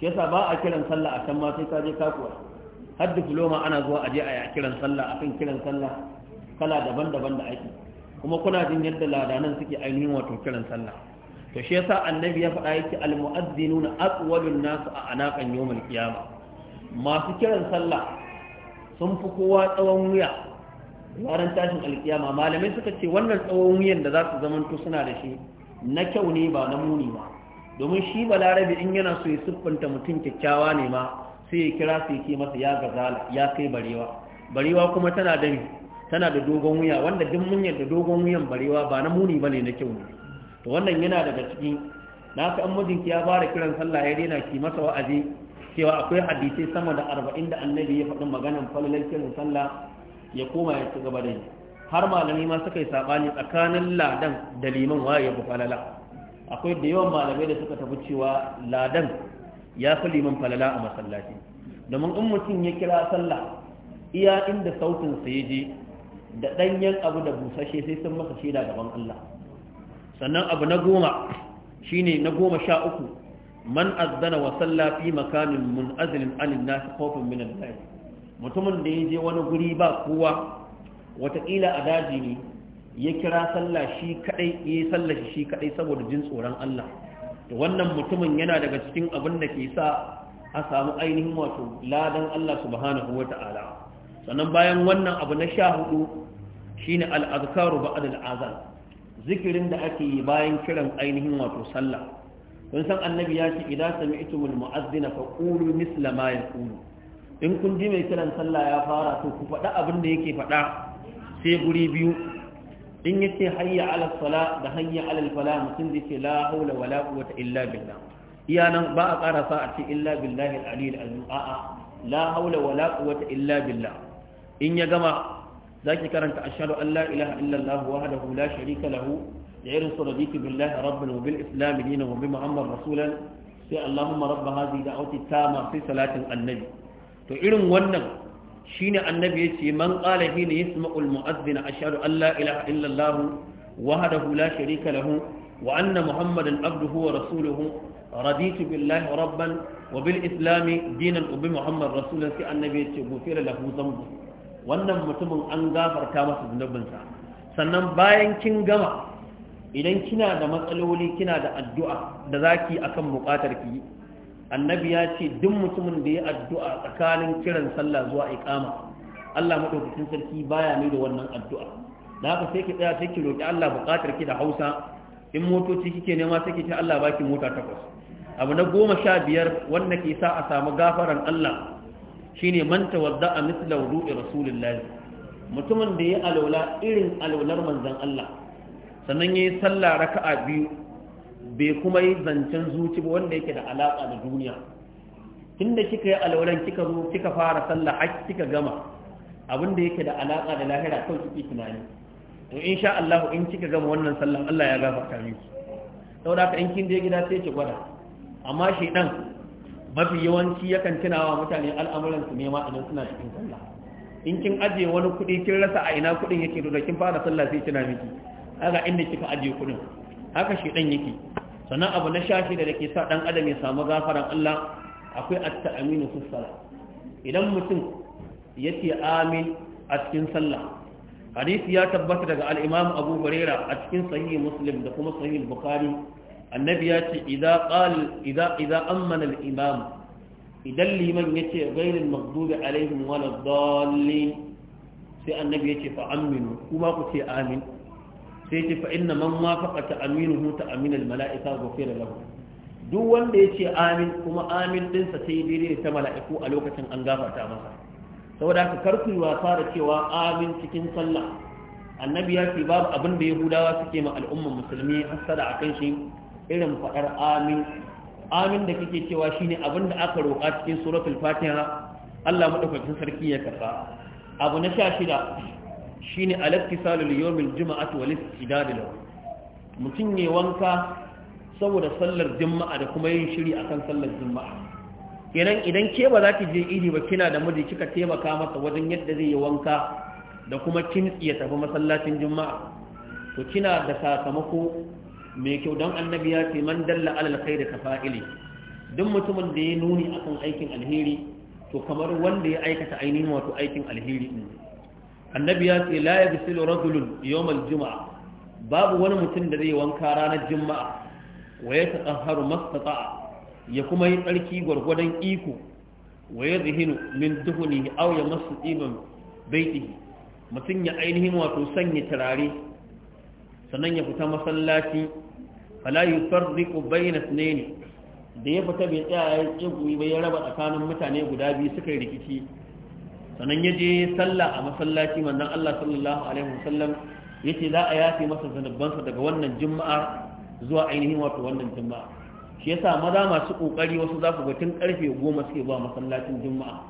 shi yasa ba a kiran sallah a can ma sai ka je kakuwa haddu diploma ana zuwa a je a yi kiran sallah akan kiran sallah kala daban-daban da ake kuma kuna jin yadda ladanan suke ainihin wato kiran sallah to shi yasa annabi ya faɗa yake na aqwalun nasu a anaqan yawmul qiyamah masu kiran sallah sun fi kowa tsawon wuya ranar tashin alkiyama malamai suka ce wannan tsawon wuyan da za su zamanto suna da shi na kyau ne ba na muni ba domin shi balarabe in yana so ya siffanta mutum kyakkyawa ne ma sai ya kira su yake masa ya gazala ya kai barewa barewa kuma tana da tana da dogon wuya wanda duk mun yarda dogon wuyan barewa ba na muni bane na kyau ne to wannan yana daga ciki, na ka an mijinki ya fara kiran sallah ya daina ki masa wa'azi cewa akwai hadisai sama da arba'in da annabi ya faɗi maganan falalar kiran sallah ya koma ya ci gaba da yi har malami ma suka yi saɓani tsakanin ladan da liman waye ya falala akwai da yawan malamai da suka tafi cewa ladan ya fi liman falala a masallaci domin in mutum ya kira sallah iya inda sautin sa ya je da ɗanyen abu da busashe sai sun masa shaida gaban Allah sannan abu na goma shine na goma sha uku man azzana wa salla fi makanin munazilin anin nasi khawfan min al mutumin da yaje wani guri ba kowa watakila a daji ne ya kira sallah shi kadai ya sallah shi kadai saboda jin tsoron Allah to wannan mutumin yana daga cikin abin da ke sa a samu ainihin wato ladan Allah subhanahu ta'ala). sannan bayan wannan abu na sha hudu shine al-azkaru ba'da al-azan zikirin da ake yi bayan kiran ainihin wato sallah kun san annabi ya ce idan sami sami'tumul mu'azzina fa Kulu misla ma Kulu. in kun ji mai kiran sallah ya fara to ku faɗa abin da yake faɗa sai guri biyu in ya ce hayya ala sala da hayya ala fala mutum zai ce la haula wala quwwata illa billah iya nan ba a ƙara sa a ce illa billahi al-ali al-azim a'a la haula wala quwwata illa billah in ya gama zaki karanta ashhadu an la ilaha illa allah wahdahu la sharika lahu da irin su raditu billahi rabban wa bil islam dinan wa bi muhammad rasulan sai allahumma rabb hadhihi da'wati tama sai salatin annabi to irin wannan shine annabi yace man qala hina yasma'ul mu'adhdhin ashhadu an la ilaha illa allah wahdahu la sharika lahu wa anna muhammadan abduhu wa rasuluhu raditu billahi rabban wa bil islam dinan wa bi muhammad rasulan sai wannan mutumin an gafarta masa zunubinsa sannan bayan kin gama idan kina da matsaloli kina da addu'a da zaki akan buƙatar ki annabi ya ce duk mutumin da ya addu'a tsakanin kiran sallah zuwa ikama Allah madaukakin sarki baya ne da wannan addu'a da haka sai ki tsaya sai ki roki Allah buƙatar ki da Hausa in motoci kike nema sai ki ce Allah baki mota takwas abu na goma sha biyar wanda ke sa a samu gafaran Allah shine man tawadda a misla wudu'i rasulillahi mutumin da ya alola irin alwalar manzon Allah sannan ya yi sallah raka'a biyu bai kuma yi zancen zuci ba wanda yake da alaƙa da duniya tunda kika yi alwalan kika zo kika fara sallah har kika gama abin da yake da alaƙa da lahira kawai kike tunani to insha Allah in kika gama wannan sallah Allah ya gafarta miki saboda haka in kin je gida sai ki gwada amma shedan mafi yawanci yakan tunawa mutane al'amuran su nema idan suna cikin sallah in kin aje wani kuɗi kin rasa a ina kuɗin yake da kin fara sallah sai kina miki aga inda kika ajiye kudin haka shi dan yake sannan abu na shashi da ke sa dan adam ya samu gafaran Allah akwai at-ta'minu fi salat idan mutum yace amin a cikin sallah hadisi ya tabbata daga al-imam Abu huraira a cikin sahih Muslim da kuma sahih Bukhari annabi ya ce idza qal idza idza amana al-imam idan liman yace ghayril maghdubi alaihim waladdallin sai annabi yace fa aminu kuma ku ce amin sai ce fa inna man wafaqa ta aminuhu ta aminal mala'ika ghafira lahu duk wanda ya ce amin kuma amin din sa sai daidai ta mala'iku a lokacin an gafarta masa saboda haka kar yi wasa da cewa amin cikin sallah annabi ya ce babu abin da yahudawa suke ma al'ummar musulmi hasada akan shi irin faɗar amin amin da kike cewa shine abin da aka roƙa cikin suratul fatiha Allah madaukakin sarki ya karba abu na sha shida shine al-ittisalul yawmil juma'ati wal istidad lahu mutum ne wanka saboda sallar juma'a da kuma yin shiri akan sallar juma'a kenan idan ke ba za ki je idi ba kina da miji kika taimaka masa wajen yadda zai yi wanka da kuma kin tsiya tafi masallacin juma'a to kina da sakamako mai kyau don annabi ya ce man dalla alal khairi ka fa'ili duk mutumin da ya nuni akan aikin alheri to kamar wanda ya aikata ainihin wato aikin alheri din annabi ya ce la yaghsilu rajulun yawmal juma'a babu wani mutum da zai wanka ranar juma'a wa ya tatahharu mastata'a ya kuma yi tsarki gwargwadon iko wa ya zihinu min duhuni aw ya masu baitihi mutum ya ainihin wato sanya turare sannan ya fita masallaci fala yufarriqu bayna ithnaini da ya fita bai tsaya ya tsugumi ba ya raba tsakanin mutane guda biyu suka yi rikici sannan ya je sallah a masallaci manzon Allah sallallahu alaihi wasallam yace za a yafe masa zanubansa daga wannan juma'a zuwa ainihin wato wannan juma'a shi yasa maza masu kokari wasu za ku ga tun karfe 10 suke zuwa masallacin juma'a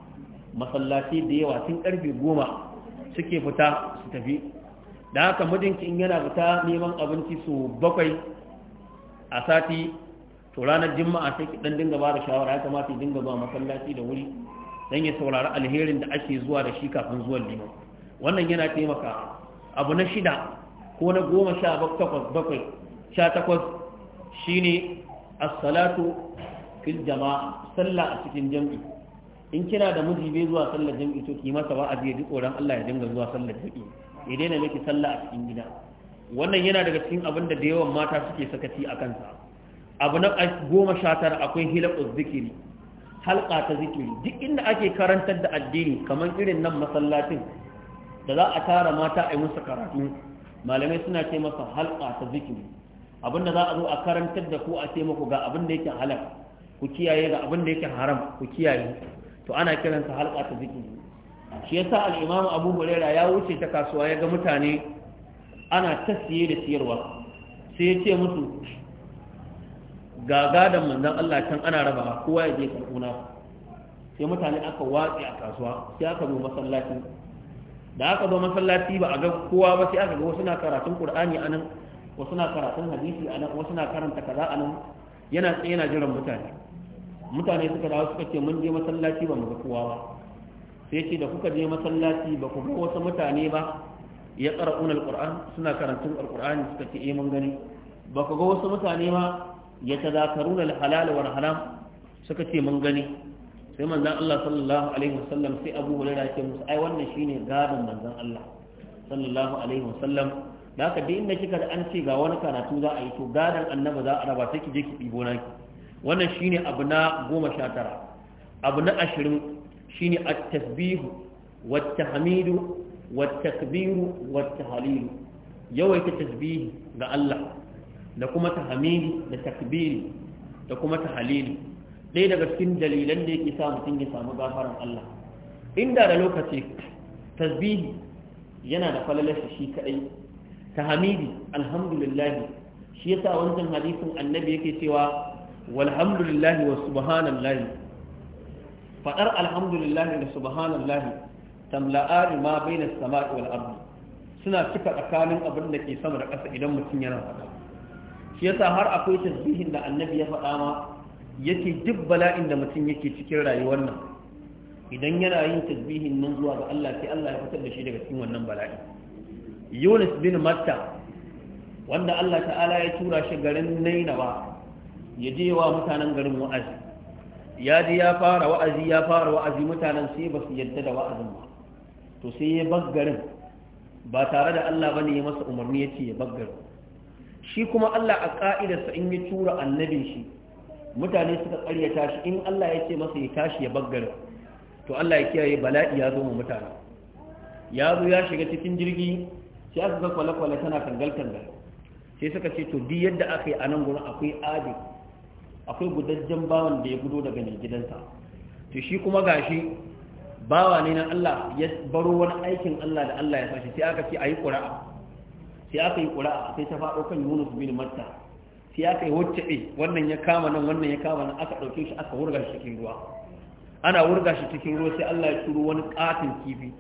masallaci da yawa tun karfe goma suke fita su tafi da haka mijinki in yana fita neman abinci su bakwai a sati to ranar juma'a sai ki dan dinga ba da shawara ya kamata ki dinga zuwa masallaci da wuri dan ya saurari alherin da ake zuwa da shi kafin zuwan liman wannan yana taimaka abu na shida ko na goma sha bakwai bakwai sha takwas shine as-salatu fil jama'a sallah a cikin jam'i in kina da miji bai zuwa sallar jam'i to ki masa ba a je ji tsoron Allah ya dinga zuwa sallar jam'i ya daina miki sallah a cikin gida wannan yana daga cikin abin da da yawan mata suke sakaci a kansa abu na goma sha tara akwai hilakus zikiri Halƙa ta zikiri duk inda ake karantar da addini kamar irin nan masallacin da za a tara mata a yi musu karatu malamai suna ce masa halka ta zikiri abinda za a zo a karantar da ku a ce muku ga abin da yake halal ku kiyaye ga abin da yake haram ku kiyaye to ana kiransa halka ta zikiri shi yasa al Abu Hurairah ya wuce ta kasuwa ya ga mutane ana ta siye da siyarwa sai ya ce musu ga gadon manzan Allah can ana rabawa kowa ya je karɓo nasu sai mutane aka watsi a kasuwa sai aka zo masallaci da aka zo masallaci ba a ga kowa ba sai aka ga wasu na karatun qur'ani anan wasu na karatun hadisi anan wasu na karanta kaza anan yana tsaye yana jiran mutane mutane suka dawo suka ce mun je masallaci ba mu ga kowa ba sai ce da kuka je masallaci ba ku ga wasu mutane ba ya qara'un alquran suna karantun alqur'ani suka ce eh mun gani ba ku ga wasu mutane ba yatazakaruna al-halal wal haram suka ce mun gani sai manzan Allah sallallahu alaihi wasallam sai Abu wani ya ce musu ai wannan shine gadon manzan Allah sallallahu alaihi wasallam da haka duk inda kika da an ce ga wani karatu za a yi to gadon annaba za a raba sai ki je ki ɗibo ki. wannan shi ne abu na goma sha tara abu na ashirin shi ne at-tasbihu wat-tahmidu wat-takbiru wat Halilu. yawaita tasbihi ga Allah da kuma tahmidi da takbiri da kuma tahlili ɗaya daga cikin dalilan da yake sa mutum ya samu gafaran Allah inda da lokaci tasbihi yana da falalashi shi kadai tahmidi alhamdulillah shi yasa wancan hadisin annabi yake cewa walhamdulillah wa subhanallah fadar alhamdulillah da subhanallah tamla'a ma baina as-sama'i wal ardi suna cika tsakanin abin da ke sama da ƙasa idan mutum yana faɗa shi yasa har akwai tasbihin da annabi ya faɗa ma yake duk bala'in da mutum yake cikin rayuwar nan idan yana yin tasbihin nan zuwa ga Allah sai Allah ya fitar da shi daga cikin wannan bala'i Yunus bin Matta wanda Allah ta'ala ya tura shi garin Nainawa ya je wa mutanen garin wa'azi ya je ya fara wa'azi ya fara wa'azi mutanen sai ba su yadda da wa'azin ba to sai ya bar garin ba tare da Allah bane ya masa umarni ya ce ya bar garin shi kuma Allah a ƙa'idarsa in ya tura annabin shi mutane suka ƙaryata shi in Allah ya ce masa ya tashi ya baggara to Allah ya kiyaye bala'i ya zo mu mutane ya zo ya shiga cikin jirgi sai aka ga kwale-kwale tana kangal-kangal sai suka ce to bi yadda aka yi a nan gurin akwai adi akwai gudajjen bawan da ya gudo daga mai gidansa to shi kuma shi, bawa ne na Allah ya baro wani aikin Allah da Allah ya sashi sai aka ce a yi ƙura'a sai aka yi ƙura sai ta faɗo kan yunus bin matta sai aka yi wacce wannan ya kama nan wannan ya kama nan aka ɗauke shi aka wurga shi cikin ruwa ana wurga shi cikin ruwa sai allah ya turo wani ƙatin kifi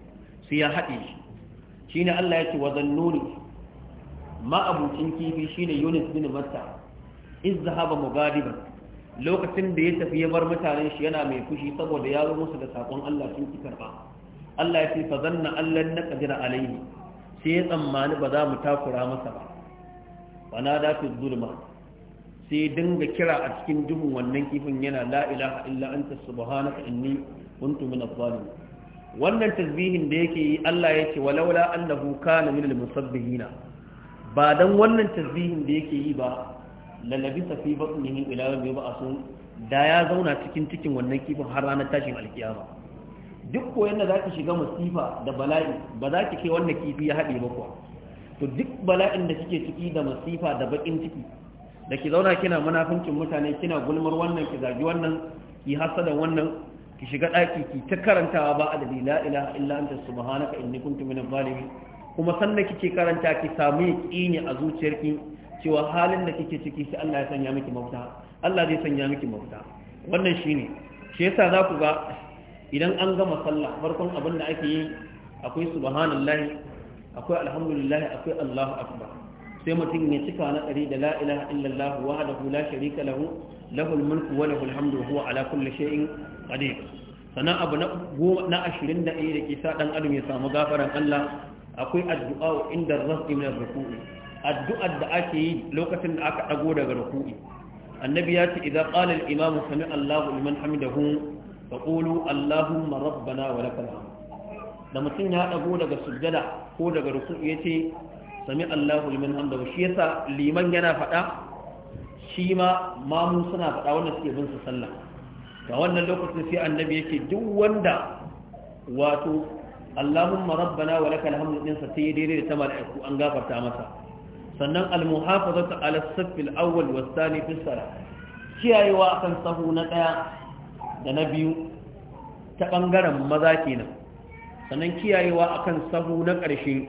sai ya haɗe shi shine allah ya ce wa zannuni ma'abucin kifi shine yunus bin matta In zahaba mugadiban lokacin da ya tafi ya bar mutanen shi yana mai fushi saboda ya zo musu da saƙon Allah sun ki karɓa Allah ya ce fa zanna allan ƙadira alaihi sai tsammani ba za mu takura masa ba wana da fi zulma sai dinga kira a cikin duhun wannan kifin yana la ilaha illa anta subhanaka inni kuntu min adh-dhalimin wannan tasbihin da yake yi Allah yake walaula annahu kana min al-musabbihina ba dan wannan tasbihin da yake yi ba lalabisa fi batnihi ila yawmi yub'asun da ya zauna cikin cikin wannan kifin har ranar tashin alkiyama duk koyon da zaki shiga masifa da bala'i ba za ki kai wanda kifi ya haɗe ba kuwa to duk bala'in da kike ciki da masifa da bakin ciki da ki zauna kina munafincin mutane kina gulmar wannan ki zagi wannan ki hasada wannan ki shiga ɗaki ki ta karantawa ba adadi la ilaha illa anta subhanaka inni kuntu minaz zalimin kuma sannan kike karanta ki samu yaqini a zuciyarki cewa halin da kike ciki sai Allah ya sanya miki mafita Allah zai sanya miki mafita wannan shine shi yasa za ku ga idan an gama sallah farkon abin da ake yi akwai subhanallahi akwai alhamdulillahi akwai allahu akbar sai mutum ya cika na ɗari da la ilaha illallah wahdahu la sharika lahu lahul mulku wa lahul hamdu wa huwa ala kulli shay'in qadir sannan abu na goma na 21 da ke sa dan adam ya samu gafaran Allah akwai addu'a inda rasdi min ruku'i addu'ar da ake yi lokacin da aka dago daga ruku'i annabi ya ce idza qala al-imamu sami Allahu liman hamidahu da ƙulu Allahumma rabbana wa da mutum ya ɗago daga sujjada ko daga ruku ya ce sami Allahu liman hamda shi yasa liman yana faɗa shi ma mamu suna faɗa wanda suke bin su sallah ga wannan lokacin sai annabi yake duk wanda wato Allahumma rabbana wa lakal hamdu din sa sai daidai da ta mala'iku an gafarta masa sannan al-muhafazatu ala as-saff al-awwal was-thani fi kiyayewa akan sahu na daya da na biyu ta ɓangaren maza kenan sannan kiyayewa akan sahu na ƙarshe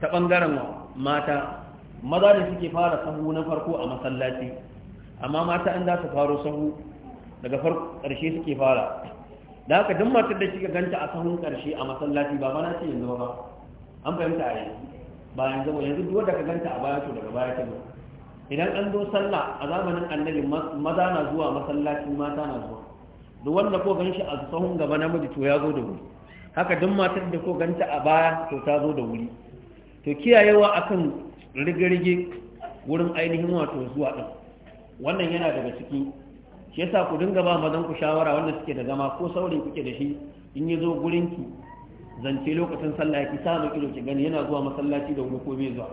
ta ɓangaren mata maza da suke fara sahu na farko a masallaci amma mata an za su faro sahu daga farko ƙarshe suke fara da haka duk matar da kika ganta a sahun ƙarshe a masallaci ba mana ce yanzu ba an fahimta a yanzu ba yanzu ba yanzu duk wanda ka ganta a baya to daga baya ta idan an zo sallah a zamanin annabi maza na zuwa masallaci mata na zuwa duk wanda ko gan shi a sahun gaba namiji to ya zo da wuri haka duk matar da ko ganta a baya to ta zo da wuri to kiyayewa akan rige-rige wurin ainihin wato zuwa din wannan yana daga ciki shi yasa ku dinga ba mazan ku shawara wanda suke da zama ko saurayi kuke da shi in ya zo gurin ki zance lokacin sallah ki sa mu ido ki gani yana zuwa masallaci da wuri ko bai zuwa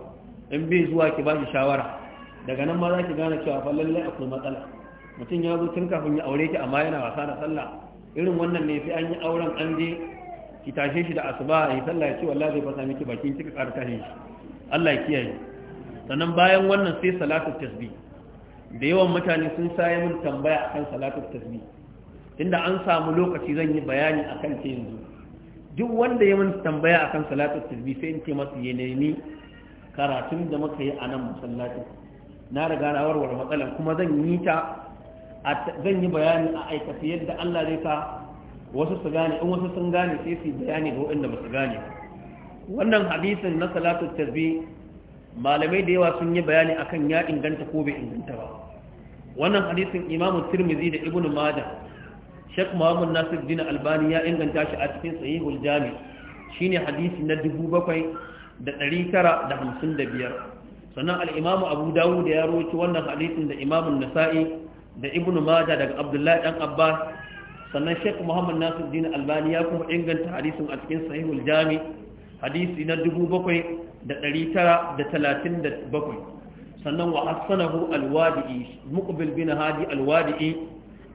in bai zuwa ki ba shi shawara daga nan ma za ki gane cewa fa lallai akwai matsala mutum ya zo tun kafin ya aure ki amma yana wasa da sallah irin wannan ne sai an yi auren an je ki tashe shi da asuba a yi sallah ya ce wallahi zai fasa miki bakin kika ƙara tashe shi Allah ya kiyaye sannan bayan wannan sai salatu tasbi da yawan mutane sun saye mun tambaya akan salatu tasbi tunda an samu lokaci zan yi bayani akan ta yanzu duk wanda ya min tambaya akan salatu tasbi sai in ce masa ya nemi karatun da muka yi a nan masallaci na da na warware matsalar kuma zan yi ta zan yi bayani a aikata yadda Allah zai sa wasu su gane in wasu sun gane sai su bayani ga waɗanda ba su gane wannan hadisin na salatu tasbih malamai da yawa sun yi bayani akan ya inganta ko bai inganta ba wannan hadisin imamu tirmizi da ibnu Majah shek Muhammad Nasir Din Albani ya inganta shi a cikin Sahihul Jami shine hadisi na dubu bakwai da da tara hamsin biyar sannan al-Imam Abu Dawud ya roki wannan hadisin da imamun Nasa'i da ibn majah daga abdullahi dan abbas sannan sheikh muhammad nasiruddin albani ya kuma inganta hadisin a cikin sahihul jami hadisi na 7937 sannan wa al alwadi'i muqbil bin hadi alwadi'i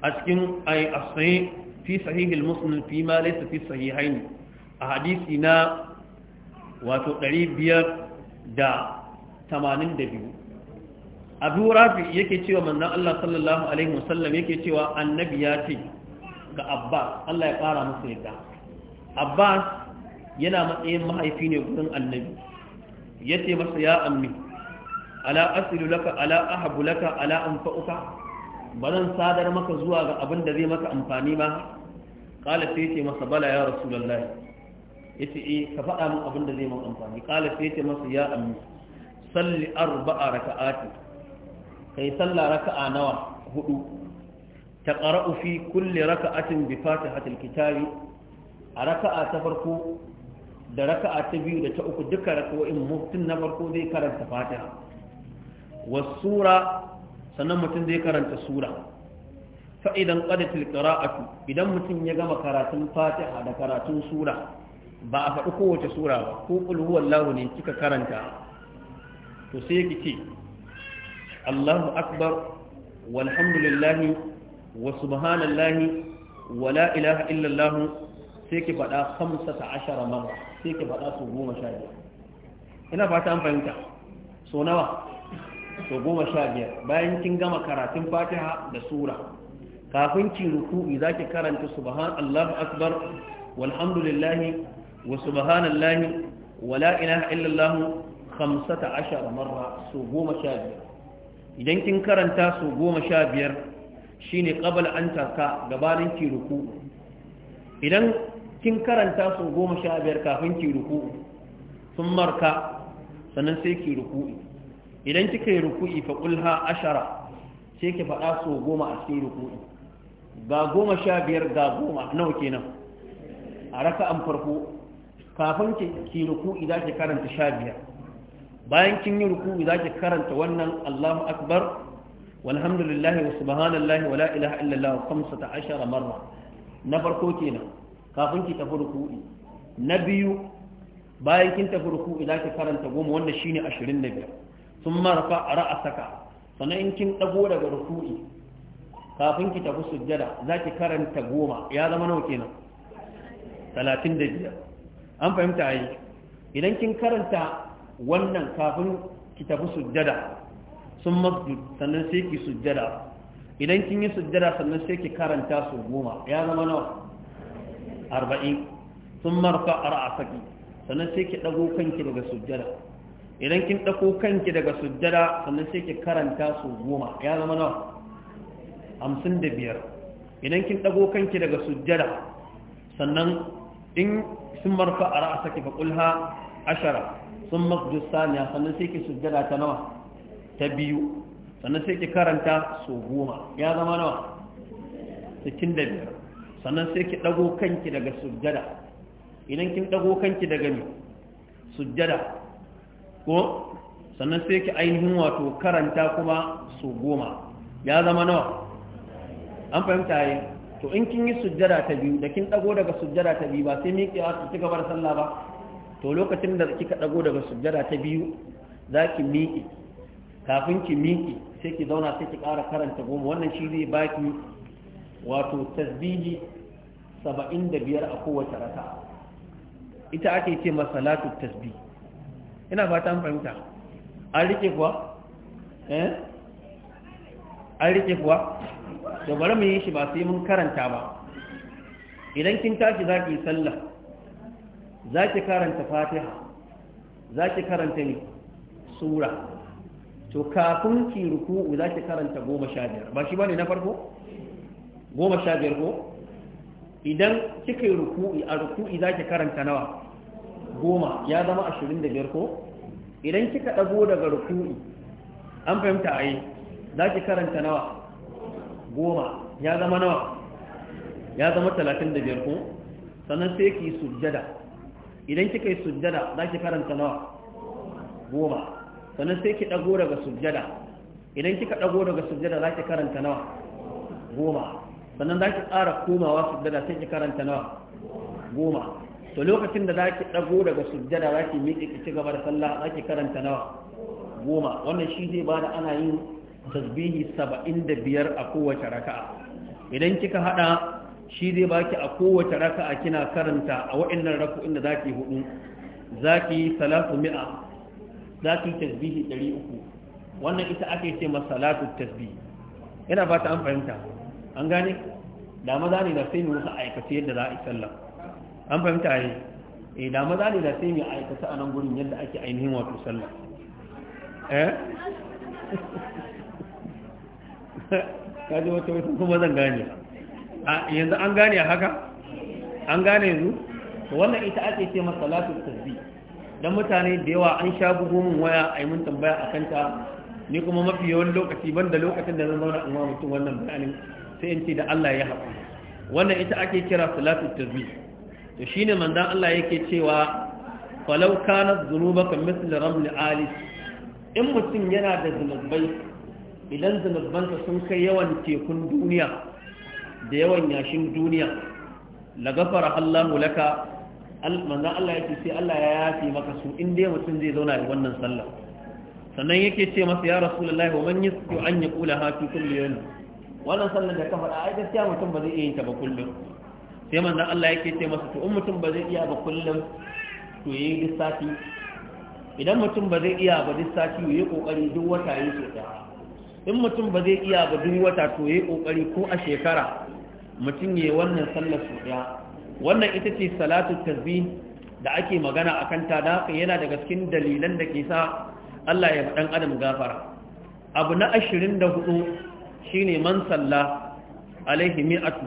a cikin ay asai fi sahihil almuslim fi ma laysa fi sahihayn a hadisi na wato 582 abu rafi yake cewa manzan Allah sallallahu Alaihi wasallam yake cewa annabi ya ce ga abbas Allah ya ƙara musu yadda abbas yana matsayin mahaifi ne wurin annabi ya ce masa ya ammi ala asilu laka ala ahabu laka ala amfa'uka ba zan sadar maka zuwa ga abin da zai maka amfani ba kala sai ce masa bala ya rasulullah ya ce eh ka faɗa min abin da zai maka amfani kala sai ce masa ya ammi salli arba'a raka'ati kai sallah raka'a nawa hudu taqra'u fi kulli raka'atin bi fatihatil kitabi a raka'a ta farko da raka'a ta biyu da ta uku duka in mutun na farko zai karanta fatiha was sura sannan mutum zai karanta sura fa idan qadatil qira'atu idan mutum ya gama karatun fatiha da karatun sura ba a faɗi kowace sura ba ko qul huwallahu ne kika karanta to sai ki ce Allahu akbar walhamdulillah wa subhanallah wa la sai ki faɗa 15 marra sai ki faɗa su 15 ina fata an fahimta so nawa so 15 bayan kin gama karatun Fatiha da sura kafin ki ruku'i zaki karanta subhanallahi akbar walhamdulillah wa subhanallahi wa la ilaha illallah 15 marra sha biyar. idan kin karanta su goma sha biyar shi ne ƙabal an taka gabanin ki ruku idan kin karanta su goma sha biyar kafin ki ruku sun marka sannan sai ki ruku. idan kika yi ruku fa kulha ashara sai ki faɗa su goma a cikin ruku. ga goma sha biyar ga goma nawa kenan a an farko kafin ki ruku idan ki karanta sha biyar bayan kin yi za ki karanta wannan Allahu akbar walhamdulillahi wa subhanallahi wa la ilaha illallah 15 marra na farko kenan kafin ki tafi ruku'i na biyu bayan kin tafi ruku'i ki karanta goma wanda shine biyar. sun marfa ra'asaka sannan in kin dago daga ruku'i kafin ki tafi sujjada za ki karanta goma ya zama nawa kenan talatin da biyar an fahimta yi idan kin karanta wannan kafin ki tafi sujjada sun masu sannan sai ki sujjada idan kin yi sujjada sannan sai ki karanta su goma ya zama nawa arba'in sun marfa ara'asaki sannan sai ki ɗago kanki daga sujjada idan kin ɗago kanki daga sujjada sannan sai ki karanta su goma ya zama nawa hamsin da biyar idan kin ɗago kanki daga sujjada sannan in sun marfa ara'asaki fa ƙulha ashara sun masjid saniya sannan sai ki sujjada ta nawa ta biyu sannan sai ki karanta su goma ya zama nawa 65 sannan sai ki dago kanki daga sujjada idan kin dago kanki daga mi sujjada ko sannan sai ki ainihin wato karanta kuma su goma ya zama nawa an fahimta yi to in kin yi sujjada ta biyu da kin dago daga sujjada ta biyu ba sai miƙewa su ci gaba da sallah ba to lokacin da kika dago daga sujjada ta biyu za ki miƙe kafin ki miƙe sai ki zauna sai ki ƙara karanta goma wannan shi zai baki wato tasbihi saba'in da biyar a kowace raka ita ake ce masalatu tasbihi. ina fata an fahimta an rike kuwa eh an rike kuwa to bari mu yi shi ba sai mun karanta ba idan kin tashi za ki yi sallah za ki karanta fatiha za ki karanta ne sura to kafin ki ruku'u za ki karanta goma sha biyar ba shi ba ne na farko goma sha biyar ko idan kika yi ruku'i a ruku'i za ki karanta nawa goma ya zama ashirin da biyar ko idan kika ɗago daga ruku'i an fahimta a yi za ki karanta nawa goma ya zama nawa ya zama talatin da biyar ko sannan sai ki sujjada idan kika yi sujjada za ki karanta nawa goma sannan sai ki ɗago daga sujjada idan kika ɗago daga sujjada za ki karanta nawa goma sannan za ki ƙara komawa sujjada sai ki karanta nawa goma to lokacin da za ki ɗago daga sujjada za ki miƙe ki ci gaba da sallah za ki karanta nawa goma wannan shi zai bada ana yin tasbihi saba'in da biyar a kowace raka'a idan kika haɗa shi zai baki a kowace a kina karanta a wa'annan inda za zaki hudu zaki salatu mi'a zaki tasbihi 300 wannan ita ake ce ma salatu tasbih yana fata an fahimta an gane da maza ne da sai mu sa aikata yadda za a yi sallah an fahimta yi eh da maza ne da sai mu aikata a nan gurin yadda ake ainihin wato sallah eh [laughs] kaje wato kuma zan gane ka yanzu an gane haka an gane yanzu wannan ita ake ce masalatu tasbi dan mutane da yawa an sha bugu min waya a yi mun tambaya a kanta ni kuma mafi yawan lokaci ban da lokacin da zan zauna in wa mutum wannan bayanin sai in ce da Allah ya haƙu wannan ita ake kira salatu tasbi to shine manzon Allah yake cewa falau kanat dhunubaka mithl ramli ali in mutum yana da zunubai idan zunubanka sun kai yawan tekun duniya da yawan yashin duniya la gafara Allahu laka manzon Allah yake sai Allah ya yafi maka su in dai mutum zai zauna da wannan sallah sannan yake ce masa ya rasulullahi wa man yasku an yaqula ha fi kulli yawm wannan sallar da ka faɗa ai gaskiya mutum ba zai iya yin ta ba kullum sai manzon Allah yake ce masa to in mutum ba zai iya ba kullum to yi lissafi idan mutum ba zai iya ba duk sati yayi kokari duk wata yayi so in mutum ba zai iya ba duk wata to yayi kokari ko a shekara mutum ya wannan sallar su ɗaya wannan ita ce salatu tasbih da ake magana a kan ta haka yana daga cikin dalilan da ke sa Allah ya ɗan adam gafara abu na ashirin da hudu shine man salla alaihi mi'atu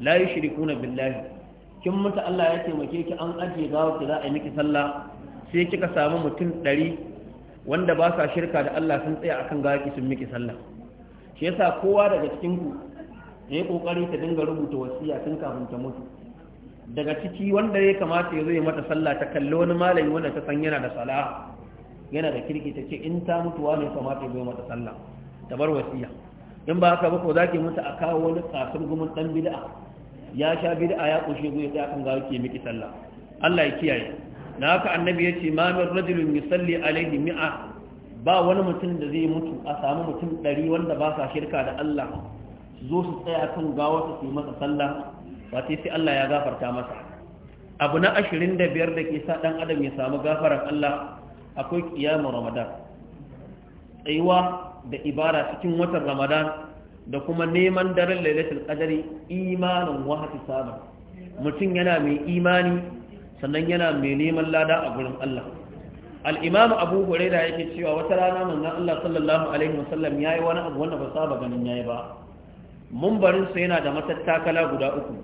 la na billahi kin mutu Allah ya taimake ki an ajiye gawo ki za a yi miki sallah sai kika samu mutum ɗari wanda ba sa shirka da Allah sun tsaya akan gawo ki sun miki sallah shi yasa kowa daga cikin ku ya kokari ta dinga rubuta wasiya tun kafin ta mutu daga ciki wanda ya kamata ya zo ya mata sallah ta kalli wani malami wanda ta san yana da salaha yana da kirki ta ce in ta mutuwa ne kamata ya zo mata sallah ta bar wasiya in ba haka ba ko zaki mutu a kawo wani kafin gumin dan bid'a ya sha bid'a ya kushe ya ta kan ga yake miki sallah Allah ya kiyaye na haka annabi yace ma min rajulun yusalli alaihi mi'a ba wani mutum da zai mutu a samu mutum 100 wanda ba sa shirka da Allah zo su tsaya kan gawarsa su yi masa sallah ba sai sai Allah ya gafarta masa abu na ashirin da biyar da ke sa ɗan adam ya samu gafarar Allah akwai kiyama ramadan tsayuwa da ibara cikin watan ramadan da kuma neman daren lailatul qadari imanin wa hisaban mutum yana mai imani sannan yana mai neman lada a gurin Allah al-imam abu hurairah yake cewa wata rana manzon Allah sallallahu alaihi wasallam yayi wani abu wanda ba saba ganin yayi ba mumbarinsa yana da matattakala guda uku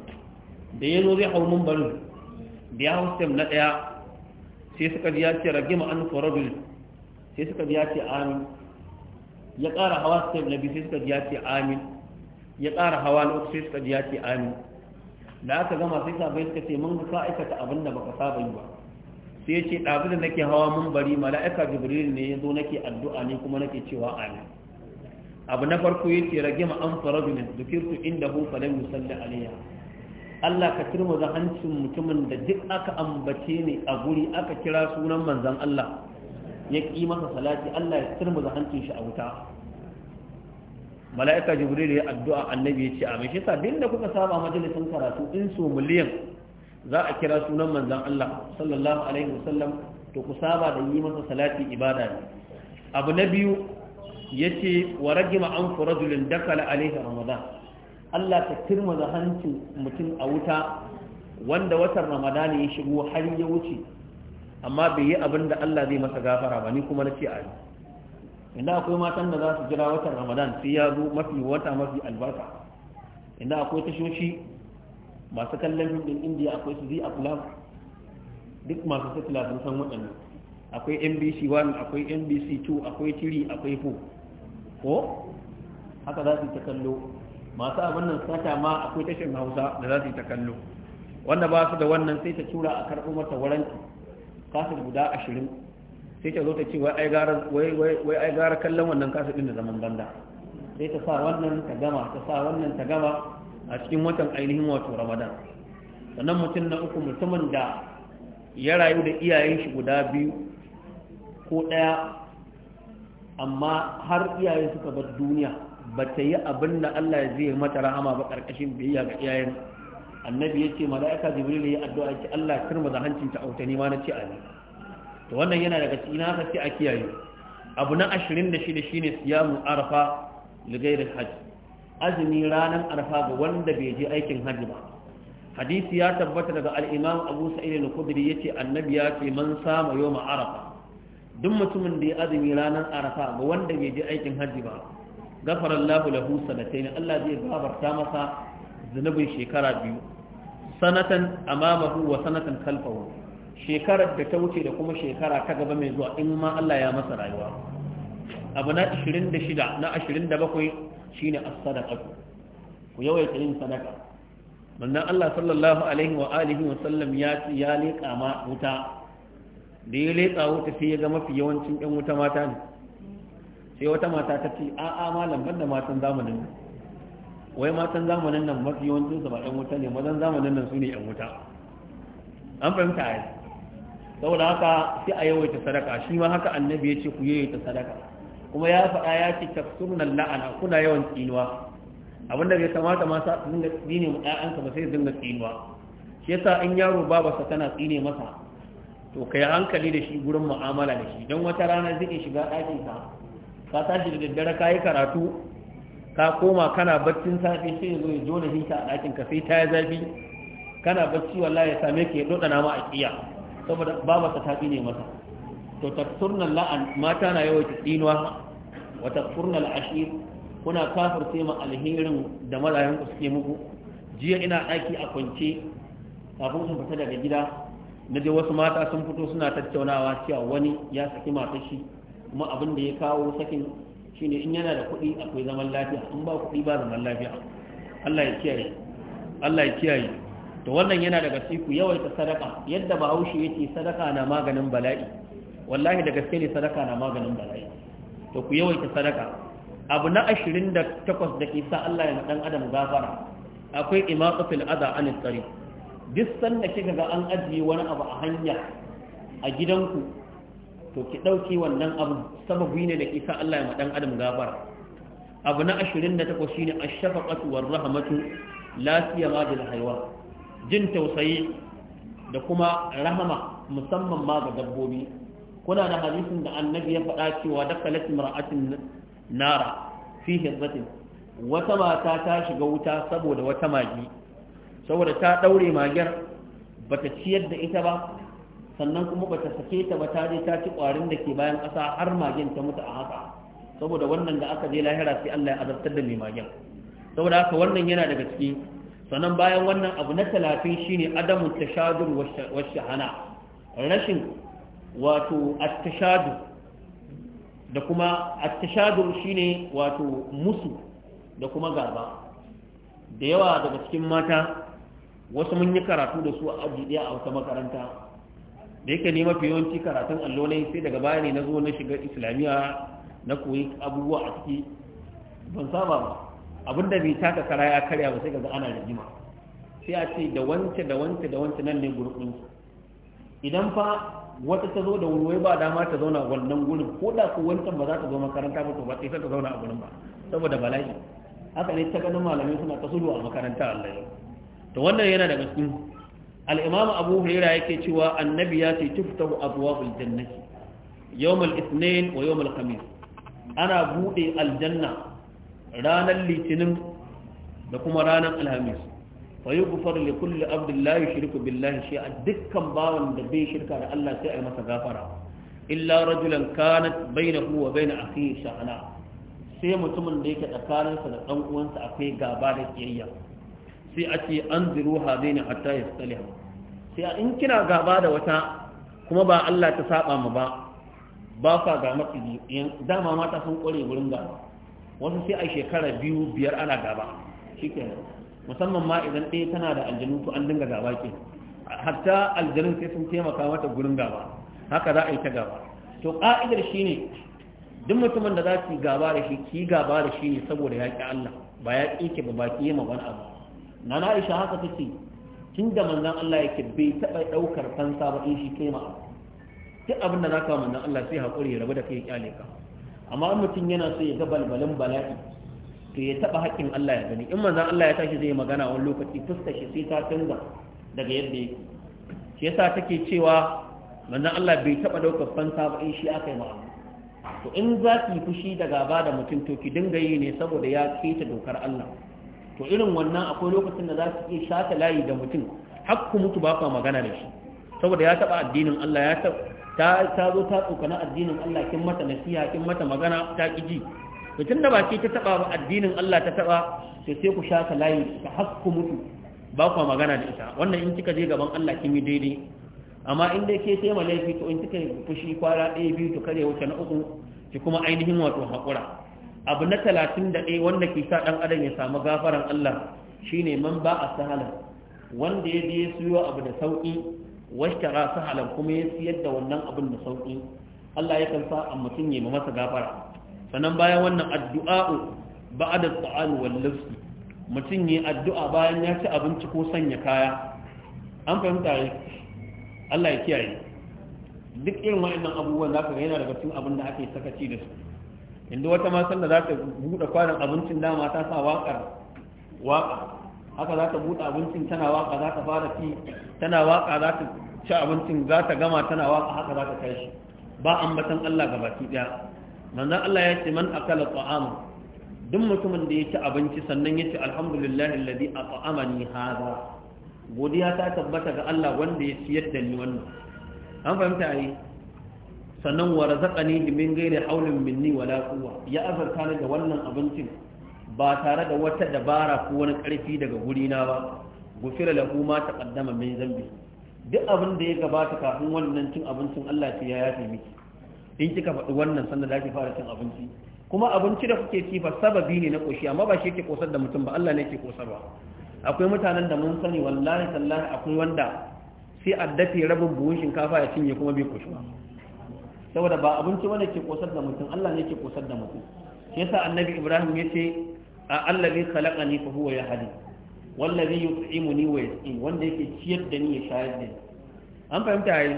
da ya zo zai hau mumbarin da ya hau na ɗaya sai suka biya ce ragima an faradul sai suka biya ce amin ya ƙara hawa stem na biyu sai suka biya ce amin ya ƙara hawa na uku sai suka biya ce amin da aka gama sai sabai suka ce mun ka aikata abin da baka saba yi ba sai ya ce ɗabi da nake hawa mumbari mala'ika jibril ne ya zo nake addu'a ne kuma nake cewa amin abu na farko ya ce rage ma'an farajulin zukirtu inda hu falai musalli aliyya Allah ka turma za hancin mutumin da duk aka ambace ne a guri aka kira sunan manzan Allah ya ƙi masa salati Allah ya turma za hancin shi a wuta mala'ika jibril ya addu'a annabi ya ce amin shi sa da kuka saba majalisin karatu in so miliyan za a kira sunan manzan Allah sallallahu alaihi wasallam to ku saba da yi masa salati ibada ne abu na biyu yace wa rajima an rajulin dakala alaihi ramadan Allah ta tirmaza hancin mutum a wuta wanda watan ramadan ya shigo har ya wuce amma bai yi abin da Allah zai masa gafara ba ni kuma na ce a yi inda akwai matan da za su jira watan ramadan sai ya zo mafi wata mafi albarka inda akwai tashoshi masu kallon fim din indiya akwai su zai akula duk masu satila sun san waɗannan akwai nbc 1 akwai nbc 2 akwai 3 akwai 4 ko haka za su yi ta kallo masu abin nan sata ma akwai tashin hausa da za su yi ta kallo wanda ba su da wannan sai ta tura a karɓo mata waranti kasar guda ashirin sai ta zo ta ce wai ai gara kallon wannan kasar ɗin da zaman banda sai ta sa wannan ta gama ta sa wannan ta gama a cikin watan ainihin wato ramadan sannan mutum na uku mutumin da ya rayu da iyayen shi guda biyu ko ɗaya amma har iyaye suka bar duniya ba ta yi abin da Allah ya zai mata rahama ba karkashin biyayya ga iyayen annabi ya ce mala'ika jibril ya addu'a ce Allah turma da hancin ta autani ma na ce amin to wannan yana daga cikin haka sai a kiyaye abu na 26 shine siyamu arafa li ghairi hajj azumi ranar arfa, ga wanda bai je aikin hajji ba hadisi ya tabbata daga al-imam Abu Sa'id al-Khudri yace annabi ya ce man sama yawma arafa duk mutumin da ya azumi ranar arafa ga wanda bai je aikin hajji ba gafara Allahu lahu sanatayn Allah zai gafarta masa zunubin shekara biyu sanatan amamahu wa sanatan kalfahu shekarar da ta wuce da kuma shekara ta gaba mai zuwa in ma Allah ya masa rayuwa abu na 26 na 27 shine as-sadaqatu ku yawaita yin sadaka manzon Allah sallallahu alaihi wa alihi wa sallam ya ya leka ma wuta da ya leƙa wuta sai ya ga mafi yawancin yan wuta mata ne sai wata mata ta ce a'a malam ban da matan zamanin nan wai matan zamanin nan mafi yawancin su ba yan wuta ne mazan zamanin nan su ne yan wuta an fahimta yi saboda haka sai a yawaita sadaka shi ma haka annabi ya ce ku yawaita sadaka kuma ya faɗa ya ce tafsurnan la'ana kuna yawan tsinuwa abinda bai kamata ma sa dinga tsine mu ɗayanka ba sai dinga tsinuwa shi yasa in yaro babarsa tana tsine masa to kai hankali da shi gurin mu'amala da shi don wata rana zai shiga ɗakin ka ka tashi da daddare ka yi karatu ka koma kana baccin safe sai ya zo ya jona shi a ɗakin ka sai ta yi zafi kana bacci wallahi ya same ka ya doda nama a saboda baba ta ne masa to tafsurnal la'an mata na yawaita tsinuwa wa tafsurnal ashir kuna kafir sai ma alherin da mazayen ku suke muku jiya ina ɗaki a kwance kafin in fita daga gida na je wasu mata sun fito suna tattaunawa cewa wani ya saki matar shi kuma abin da ya kawo sakin shine in yana da kuɗi akwai zaman lafiya in ba kuɗi ba zaman lafiya Allah ya kiyaye Allah ya kiyaye to wannan yana daga siku yawaita sadaka yadda bahaushe yake sadaka na maganin bala'i wallahi da gaske ne sadaka na maganin bala'i to ku yawaita sadaka abu na 28 da ke sa Allah ya dan adam gafara akwai imaqatul adha anit tariq duk sanda kika ga an ajiye wani abu a hanya a gidanku to ki ɗauki wannan abu sababi ne da ke sa Allah ya ma dan adam gafara abu na ashirin da 28 shine a shafaqatu war rahmatu la ma bil haiwa jin tausayi da kuma rahama musamman ma ga dabbobi kuna da hadisin da annabi ya faɗa cewa dakalat mar'atin nara fi hizbatin wata mata ta shiga wuta saboda wata magi saboda ta daure magiyar ta ciyar da ita ba sannan kuma ba ta sake ta ba ta je ta ci kwarin da ke bayan ƙasa har magin ta mutu a haka saboda wannan da aka je lahira sai Allah ya azabtar da mai magin saboda haka wannan yana daga ciki sannan bayan wannan abu na talatin shine adamu tashadur wa shahana rashin wato attashadu da kuma at shine wato musu da kuma gaba da yawa daga cikin mata wasu mun yi karatu da su a aji ɗaya a wata makaranta da yake ne mafi yawanci karatun allonai, sai daga baya ne na zo na shiga islamiyya na koyi abubuwa a ciki ban saba ba abin da bai taka kara ya karya ba sai ga ana jima. sai a ce da wance da wance da wance nan ne gurbin idan fa wata ta zo da wuri ba dama ta zauna wannan gurin ko da ko wancan ba za ta zo makaranta ba to ba sai ta zauna a gurin ba saboda bala'i haka ne ta ganin malamai suna ta a makaranta Allah yau to wannan yana daga cikin al abu huraira yake cewa annabi ya ce tuftahu abwabul jannati yawmal ithnain wa yawmal khamis ana bude aljanna ranar litinin da kuma ranar alhamis fa yughfaru li kulli abdin la yushriku billahi a dukkan bawan da bai shirka da Allah sai a yi masa gafara illa rajulan kanat bainahu wa bain akhihi sha'ana sai mutumin da yake tsakaninsa da dan uwansa akwai gaba da kiyayya sai a ce an ziru ne hatta ya sai in kina gaba da wata kuma ba Allah ta saba ma ba ba sa ga maciji dama mata sun kware wurin gaba wasu sai a shekara biyu biyar ana gaba shikenan musamman ma idan ɗaya tana da aljanu to an dinga gaba ke hatta aljanun sai sun taimaka mata gurin gaba haka za a yi ta gaba to ka'idar shine duk mutumin da za ki gaba da shi ki gaba da shi ne saboda yaƙi Allah ba ya ƙi ki ba ba ki yi ma wani abu na na isha haka take tun da manzan Allah yake bai taɓa ɗaukar fansa ba in shi kai ma duk abin da zaka manzan Allah sai haƙuri ya rabu da kai kyale ka amma in mutum yana so ya ga balbalin bala'i to ya taɓa haƙƙin Allah ya gani in manzan Allah ya tashi zai magana wani lokaci fuskar shi sai ta canza daga yadda yake shi yasa take cewa manzan Allah bai taɓa ɗaukar fansa ba in shi aka yi ma'a to in za ki fushi da gaba da mutum to ki dinga yi ne saboda ya keta dokar Allah to irin wannan akwai lokacin da za su iya shata layi da mutum hakku mutu ba kwa magana da shi saboda ya taba addinin Allah ya ta ta zo ta tsokana addinin Allah kin mata nasiha kin mata magana ta kiji to tunda ba ke ta taba ba addinin Allah ta taba to sai ku shata layi ta hakku mutu ba kwa magana da ita wannan in kika je gaban Allah kin yi daidai amma in dai ke sai laifi to in kika fushi kwara ɗaya biyu to kare wuce na uku ki kuma ainihin wato haƙura abu na talatin da ɗaya wanda ke sa ɗan adam ya samu gafaran Allah shine man ba a sahalar wanda ya su siyo abu da sauƙi washtara sahalar kuma ya siyar da wannan abin da sauƙi Allah ya sa a mutum ya masa gafara sannan bayan wannan addu'a'u ba'da ta'al wal lafsi mutum ya addu'a bayan ya ci abinci ko sanya kaya an fahimta ne Allah ya kiyaye duk irin wa'annan abubuwan zaka ga yana daga cikin abin da ake sakaci da su inda wata matan da za ta buɗe kwanan abincin dama ta sa waƙar waƙa haka za ta buɗe abincin tana waƙa za ta fara fi tana waƙa za ta ci abincin za ta gama tana waƙa haka za ta kai shi ba ambatan Allah ga baki ɗaya manzon Allah ya ce man akala ta'ama duk mutumin da ya ci abinci sannan ya ce alhamdulillah alladhi at'amani hada godiya ta tabbata ga Allah wanda ya ciyar da ni wannan an fahimta yi sannan wa razaqani min ghairi hawlin minni wala quwwa ya azarta ni da wannan abincin ba tare da wata dabara ko wani karfi daga na ba gufira lahu ma taqaddama min zambi duk abin da ya gabata kafin wannan cin abincin Allah ya yafe miki in kika faɗi wannan sannan da ki fara cin abinci kuma abinci da kuke ci fa sababi ne na koshi amma ba shi yake kosar da mutum ba Allah ne yake kosarwa akwai mutanen da mun sani wallahi tallahi akwai wanda sai addafi rabin buhun shinkafa ya cinye kuma bai koshi ba saboda ba abinci wanda ke kosar da mutum Allah ne ke kosar da mutum shi yasa annabi Ibrahim ya ce a allazi khalaqani fa huwa yahdi wallazi yut'imuni wa yasqin wanda yake ciyar da ni ya shayar da ni an fahimta yayi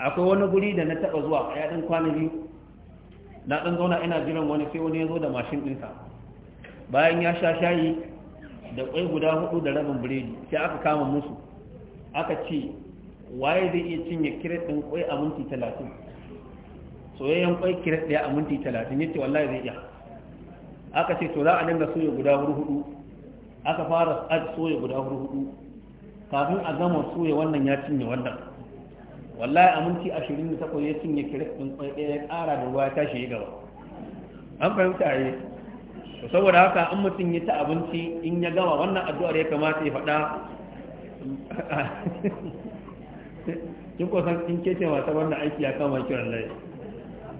akwai wani guri da na taba zuwa a yaɗin kwana biyu na dan zauna ina jiran wani sai wani ya zo da mashin dinsa bayan ya sha shayi da kwai guda hudu da rabin biredi sai aka kama musu aka ce waye zai iya cinye kiret din kwai a minti talatin soyayyen kwai kiret ɗaya a minti talatin yace wallahi zai iya aka ce to za a dinga soya guda hudu aka fara aji soya guda hudu kafin a gama soya wannan ya cinye wannan wallahi a minti ashirin da takwas ya cinye kiret ɗin kwai ɗaya ya ƙara da ruwa ya tashi ya gaba an fahimta a eh? yi saboda haka an mutum ya ta abinci in ya gama wannan addu'ar ya kamata ya faɗa [laughs] kin kusan in kece wata wannan aiki ya kama kiran lai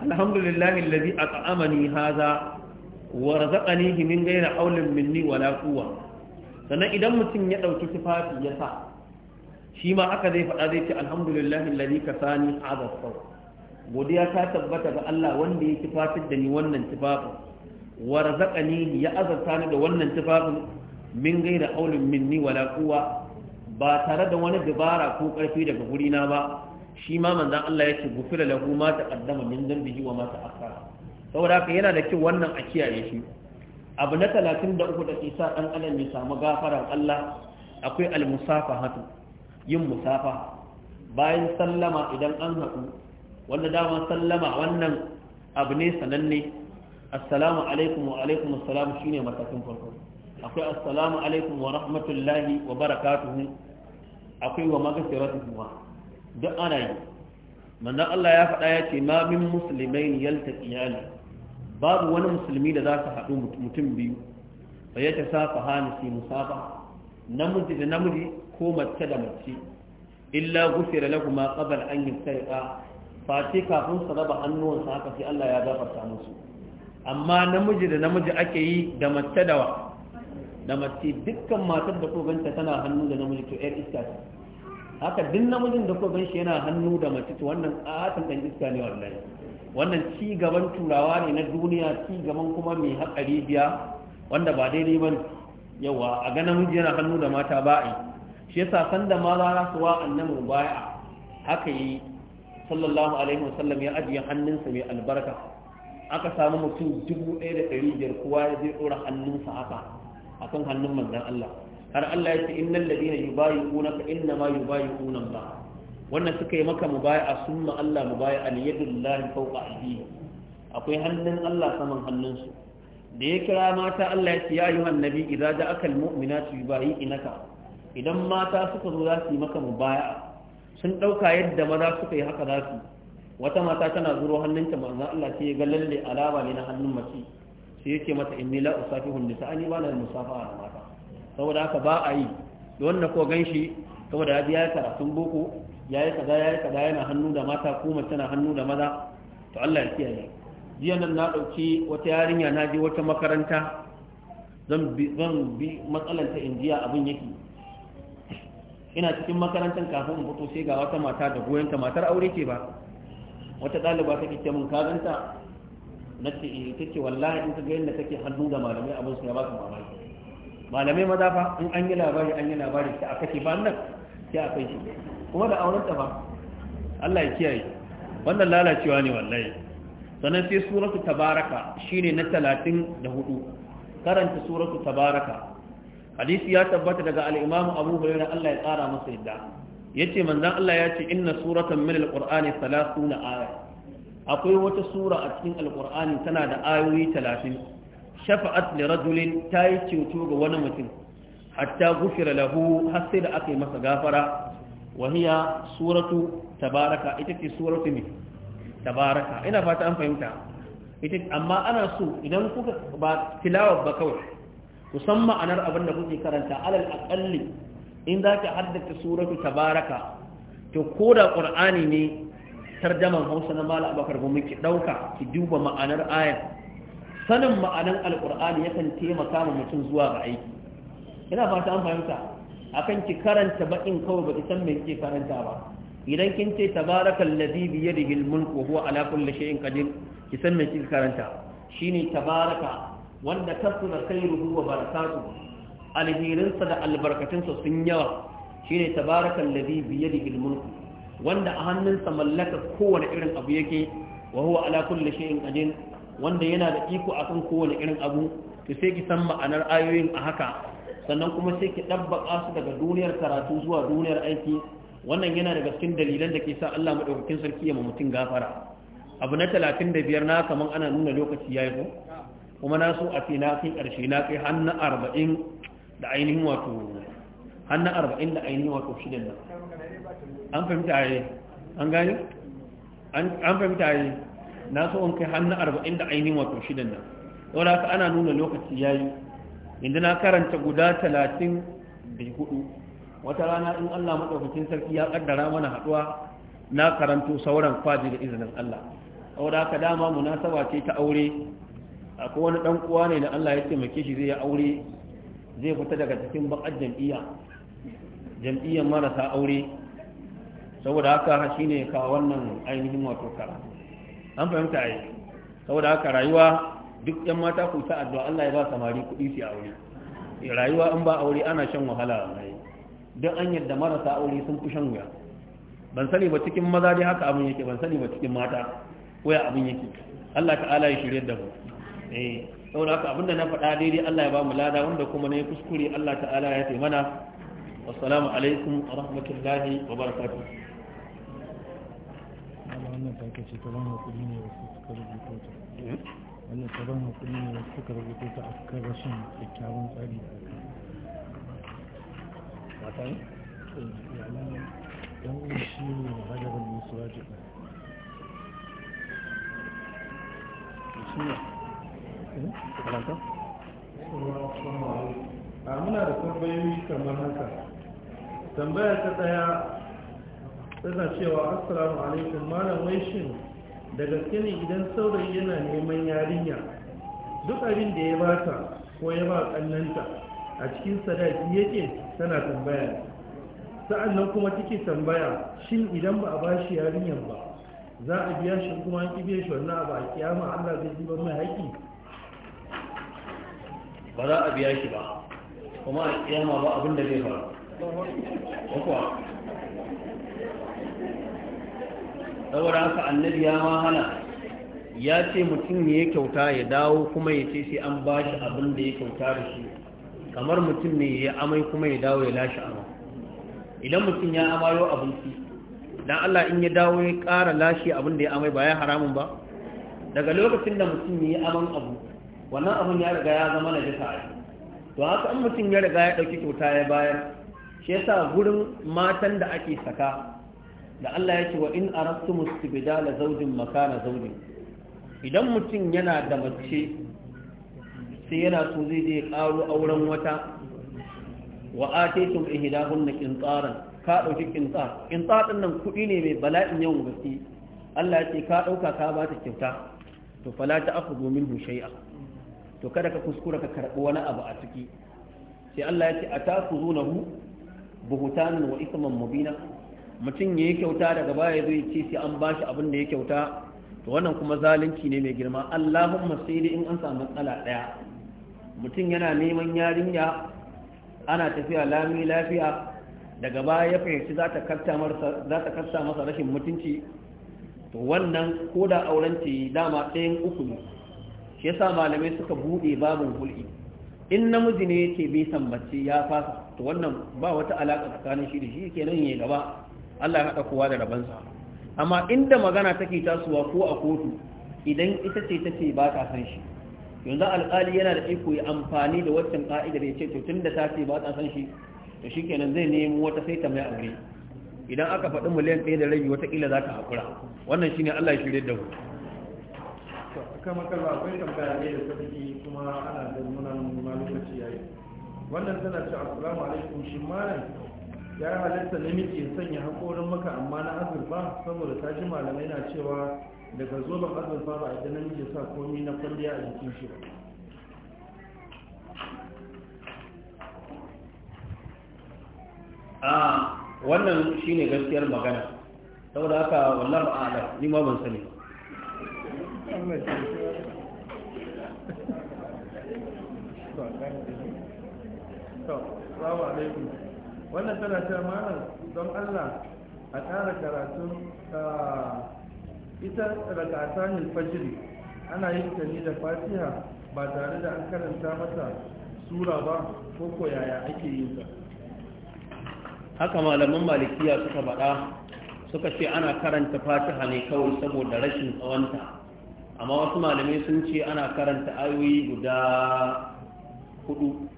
alhamdulillahi alladhi at'amani hadha wa razaqanihi min ghayri hawlin minni wala quwwa sannan idan mutum ya dauki tufafi ya sa shi ma aka zai faɗa zai ce alhamdulillahi alladhi kasani hadha saw godiya ta tabbata ga Allah wanda ya tufatar da ni wannan tufafin wa razaqani ya azarta ni da wannan tufafin min gaira aulin minni wala quwwa ba tare da wani dabara ko karfi daga gurina ba shi ma manzan Allah ya ce gufira lahu ma ta taqaddama min dhanbihi wa ma ta ta'akhkhara saboda haka yana da kyau wannan a kiyaye shi abu na talatin da uku da isa dan adam ya samu gafaran Allah akwai almusafahatu yin musafa bayan sallama idan an haɗu wanda dama sallama wannan abu ne sananne assalamu alaikum wa alaikum assalam shine matakin farko akwai assalamu alaikum wa rahmatullahi wa barakatuhu akwai wa maghfiratuhu duk ana yi manzon Allah ya faɗa ya ce ma min muslimain yaltaqiyani babu wani musulmi da za su haɗu mutum biyu fa ya ta safa hanisi musafa namiji da namiji ko mace da mace illa gufira ma qabal an yastariqa face kafin su raba hannuwansa haka sai Allah ya gafarta musu amma namiji da namiji ake yi da mace da wa da mace dukkan matar da ko ganta tana hannu da namiji to yar iska ce haka duk namijin da ko shi yana hannu da mace to wannan atin dan iska ne wallahi wannan ci gaban turawa ne na duniya ci gaban kuma mai haƙari biya wanda ba daidai ba yawa a ga namiji yana hannu da mata ba a shi yasa san da maza za su wa annabi baya haka yi sallallahu alaihi wasallam ya ajiye hannunsa mai albarka aka samu mutum dubu ɗaya da ɗari biyar kowa ya zai ɗora hannunsa haka akan hannun manzon Allah har Allah ya ce innal ladina yubayyi'unaka inna ma yubayyi'una Allah wannan suka yi maka mubaya'a summa Allah mubaya'a li yadillahi fawqa aydihim akwai hannun Allah saman hannunsu da ya kira mata Allah ya ce ya ayyuhan nabi idza ja'aka almu'minatu yubayyi'unaka idan mata suka zo za su yi maka mubaya'a sun dauka yadda maza suka yi haka za su wata mata tana zuro hannunta manzon Allah ce ya ga lalle alama ne na hannun mace sai yake mata inni la usafihu nisa ani ba na musafa da mata saboda haka ba a yi da wanda ko gan shi saboda ya yi karatun boko ya yi kaza ya yi kaza yana hannu da mata ko mace na hannu da maza to Allah ya kiyaye jiya nan na dauki wata yarinya na je wata makaranta zan bi zan bi matsalar ta injiya abin yake ina cikin makarantar kafin in fito sai ga wata mata da goyonta matar aure ce ba wata ɗaliba take ce mun kaganta na ce eh, ta ce wallahi in ka ga yadda take hannu da malamai abin su ya ba su mamaki malamai maza fa in an yi labari an yi labari sai a kashe ba nan sai a kai shi kuma da auren ta ba Allah ya kiyaye wannan lalacewa ne wallahi sannan sai suratu tabaraka shine na 34 karanta suratu tabaraka hadisi ya tabbata daga al-Imam Abu Hurairah Allah ya tsara masa yadda yace manzon Allah ya ce inna suratan min al-Qur'ani 30 aya akwai wata sura a cikin al-Qur'ani tana da ayoyi 30 shafa'at li rajulin ta yi ceto ga wani mutum hatta gufira lahu har sai da aka yi masa gafara wahiya suratu tabaraka ita ce suratu ne tabaraka ina fata an fahimta ita amma ana so idan kuka ba tilawa ba kawai kusan ma'anar abin da kuke karanta alal aqalli in za ka haddace suratu tabaraka to ko da qur'ani ne tarjaman Hausa na mala Abubakar ba muke dauka ki duba ma'anar aya. sanin ma'anan alkur'ani yakan taimaka ma mutum zuwa ga aiki ina fata an fahimta akan ki karanta bakin kawai ba san me kike karanta ba idan kin ce tabarakal ladhi bi yadihi almulku huwa ala kulli shay'in qadir ki san me kike karanta shine tabaraka wanda kasura khairuhu wa barakatuhu alhirinsa da albarkatunsa sun yawa shine tabarakal ladhi bi yadihi almulku wanda a hannunsa mallaka kowane irin abu yake wa huwa ala kulli shay'in qadir wanda yana da iko akan kowane irin abu to sai ki san ma'anar ayoyin a haka sannan kuma sai ki ɗabbaƙa su daga duniyar karatu zuwa duniyar aiki wannan yana daga cikin dalilan da ke sa Allah madaukakin sarki ya mutum gafara abu na talatin da biyar na kaman ana nuna lokaci yi ko kuma na so a ce na kai karshe na kai har na arba'in da ainihin wato har na arba'in da ainihin wato shidan nan an fahimta ai an gani an fahimta ai na so in kai har na arba'in da ainihin wato shidan nan saboda haka ana nuna lokaci ya yi inda na karanta guda talatin da hudu wata rana in allah maɗaukacin sarki ya ƙaddara mana haɗuwa na karanto sauran kwaji da izinin allah saboda da haka dama munasaba ce ta aure akwai wani ɗan uwa ne da allah ya taimake shi zai yi aure zai fita daga cikin baƙar jam'iyya jam'iyyar marasa aure saboda haka shine ne ka wannan ainihin wato karatu an fahimta a yi saboda haka rayuwa duk yan mata ku ta addu'a Allah ya ba samari kuɗi su aure eh, rayuwa an ba aure ana shan wahala a don an yadda marasa aure sun fi shan wuya ban sani ba cikin maza dai haka abin yake ban sani ba cikin mata waya abin yake Allah ta'ala ya shirye da mu eh saboda haka abinda na faɗa daidai Allah ya ba mu lada wanda kuma ne kuskure Allah ta'ala ya taimana assalamu alaikum wa rahmatullahi wa barakatuh suka taban hakuri ne wasu suka rubuto ta eh? wannan taban ne wasu suka ta a kan rashin kyakkyawan tsari da aka yan eh, uwa shi ne hajjabar musu eh? muna da tambayoyi kamar haka tambaya ta daya suna cewa assalamu alaikum malam wai shin da gaske ne idan saurayi yana neman yarinya duk abin da ya bata ko ya ba kannanta a cikin sadaki yake tana tambaya sa'annan kuma take tambaya shin idan ba a bashi yarinyar ba za a biya shi kuma an kibe shi wannan abu a kiyama Allah zai ji mai haƙi ba za a biya shi ba kuma a kiyama ba abin da zai faru saboda haka annabi ya ma hana ya ce mutum ne ya kyauta ya dawo kuma ya ce sai an ba shi abin da ya kyauta da shi kamar mutum ne ya amai kuma ya dawo ya lashe ama idan mutum ya amayo abinci dan Allah in ya dawo ya ƙara lashe abin da ya amai ba ya haramun ba daga lokacin da mutum ya aman abu wannan abin ya riga ya zama najasa a to haka an mutum ya riga ya dauki kyauta ya bayar shi yasa gurin matan da ake saka da Allah ya ce wa in arastu mustibdala zaujin makana zaujin? idan mutum yana da mace sai yana so zai je karo auren wata wa ataytum ihdahunna qintaran ka dauki qintar qintar din nan kudi ne mai bala'in yawan gaske Allah ya ce ka dauka ka ba ta kyauta to fala domin minhu shay'a to kada ka kuskura ka karbi wani abu a ciki sai Allah ya ce atakuzunahu buhutanan wa isman mubina mutum ya yi kyauta daga baya zai ce sai an ba shi abin da ya kyauta to wannan kuma zalunci ne mai girma allahumma sai in an samu matsala ɗaya mutum yana neman yarinya ana tafiya lami lafiya daga baya ya fahimci za ta kasta masa rashin mutunci to wannan ko da auren ce dama ɗayan uku ne shi yasa malamai suka buɗe babin hul'i in namiji ne yake bai mace ya fasa to wannan ba wata alaƙa tsakanin shi da shi kenan ya gaba Allah ya haɗa kowa da rabansa amma inda magana take tasowa ko a kotu idan ita ce ta ce ba ta san shi yanzu alƙali yana da iko ya amfani da waccan ka'idar ya ce to tun da ta ce ba ta san shi to shikenan zai nemo wata saita mai aure idan aka faɗi miliyan ɗaya da rabi wataƙila za ta haƙura wannan shine Allah ya shirye da mu akwai tambaya ne da sarki kuma ana da nuna ma lokaci yayi wannan tana ce assalamu alaikum shi malam ya halatta namiji ya sanya haƙorin maka amma na azurfa saboda ta ji malamai na cewa daga zoben azurfa ba a ji namiji sa komi na kwalliya a jikin shi ba a ah, wannan shine gaskiyar magana saboda haka wallahi a'lam ni ma ban sani ba [laughs] wannan tana ta malam don allah a tsara karatun ita rakatanin fajiri ana yin ta ne da fatiha ba tare da an karanta mata sura ba ko koyaya ake yin ta haka malaman malikiya suka bada suka ce ana karanta fatiha ne kawai saboda rashin tsawonta amma wasu malamai sun ce ana karanta ayoyi guda hudu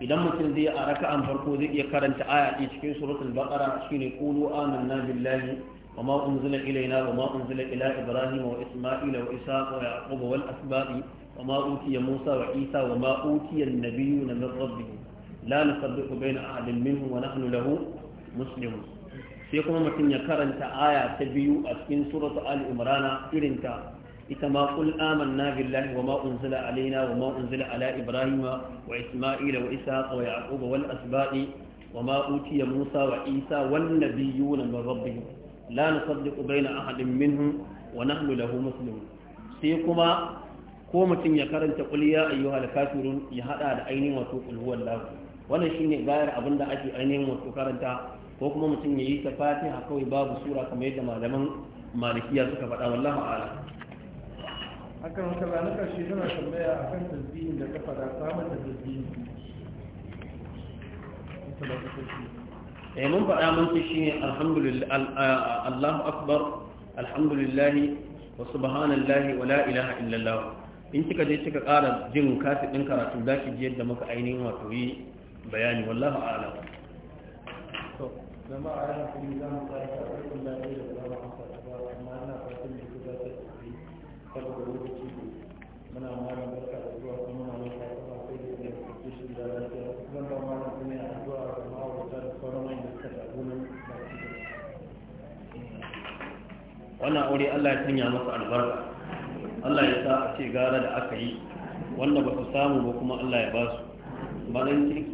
idan mutum zai a raka'an farko zai iya karanta aya ɗaya cikin suratul baqara shine qulu amanna billahi wa ma unzila ilayna wa ma unzila ila ibrahim wa isma'ila wa isaqa wa yaquba wal asbabi wa ma utiya musa wa isa wa ma utiya an-nabiyyuna min rabbihim la nusaddiqu bayna ahadin minhum wa nahnu lahu muslimun sai kuma mutum ya karanta aya ta biyu a cikin suratul ali imran irin ta ita ma kul amanna billahi wa ma unzila alaina wa ma unzila ala ibrahima wa isma'ila wa ishaqa wa yaquba wal asbaqi wa ma utiya musa wa isa wan nabiyuna min rabbihim la nusaddiqu baina ahadin minhum wa nahnu lahu muslimun sai kuma ko mutum ya karanta qul ya ayyuhal kafirun ya hada da ainihin wato qul huwallahu wannan shine gayar abinda ake ainihin wato karanta ko kuma mutum ya yi ta fatiha kawai babu sura kamar yadda malaman malikiya suka faɗa wallahu a'lam akan wata ranar karshe tana tambaya a kan tasbihin da ta fada samar da tasbihin eh mun faɗa mun ce shi ne alhamdulillah Allahu akbar alhamdulillah wa subhanallahi wa la ilaha illallah in kika je kika ƙara jin kasi ɗin karatu za ki ji yadda muka ainihin wato yi bayani wallahu a'lam to jama'a ya hakuri za mu tsaya da saboda lokaci muna mara barka da zuwa kuma muna mai shafa a kai da ne kishin da lafiya zan ba mara kuma ya zuwa da ma'aurata da sauran wanda suka shafi nan baki da wannan aure Allah ya sanya masa albarka Allah ya sa a ce gara da aka yi wanda ba su samu ba kuma Allah ya ba su bayan kirki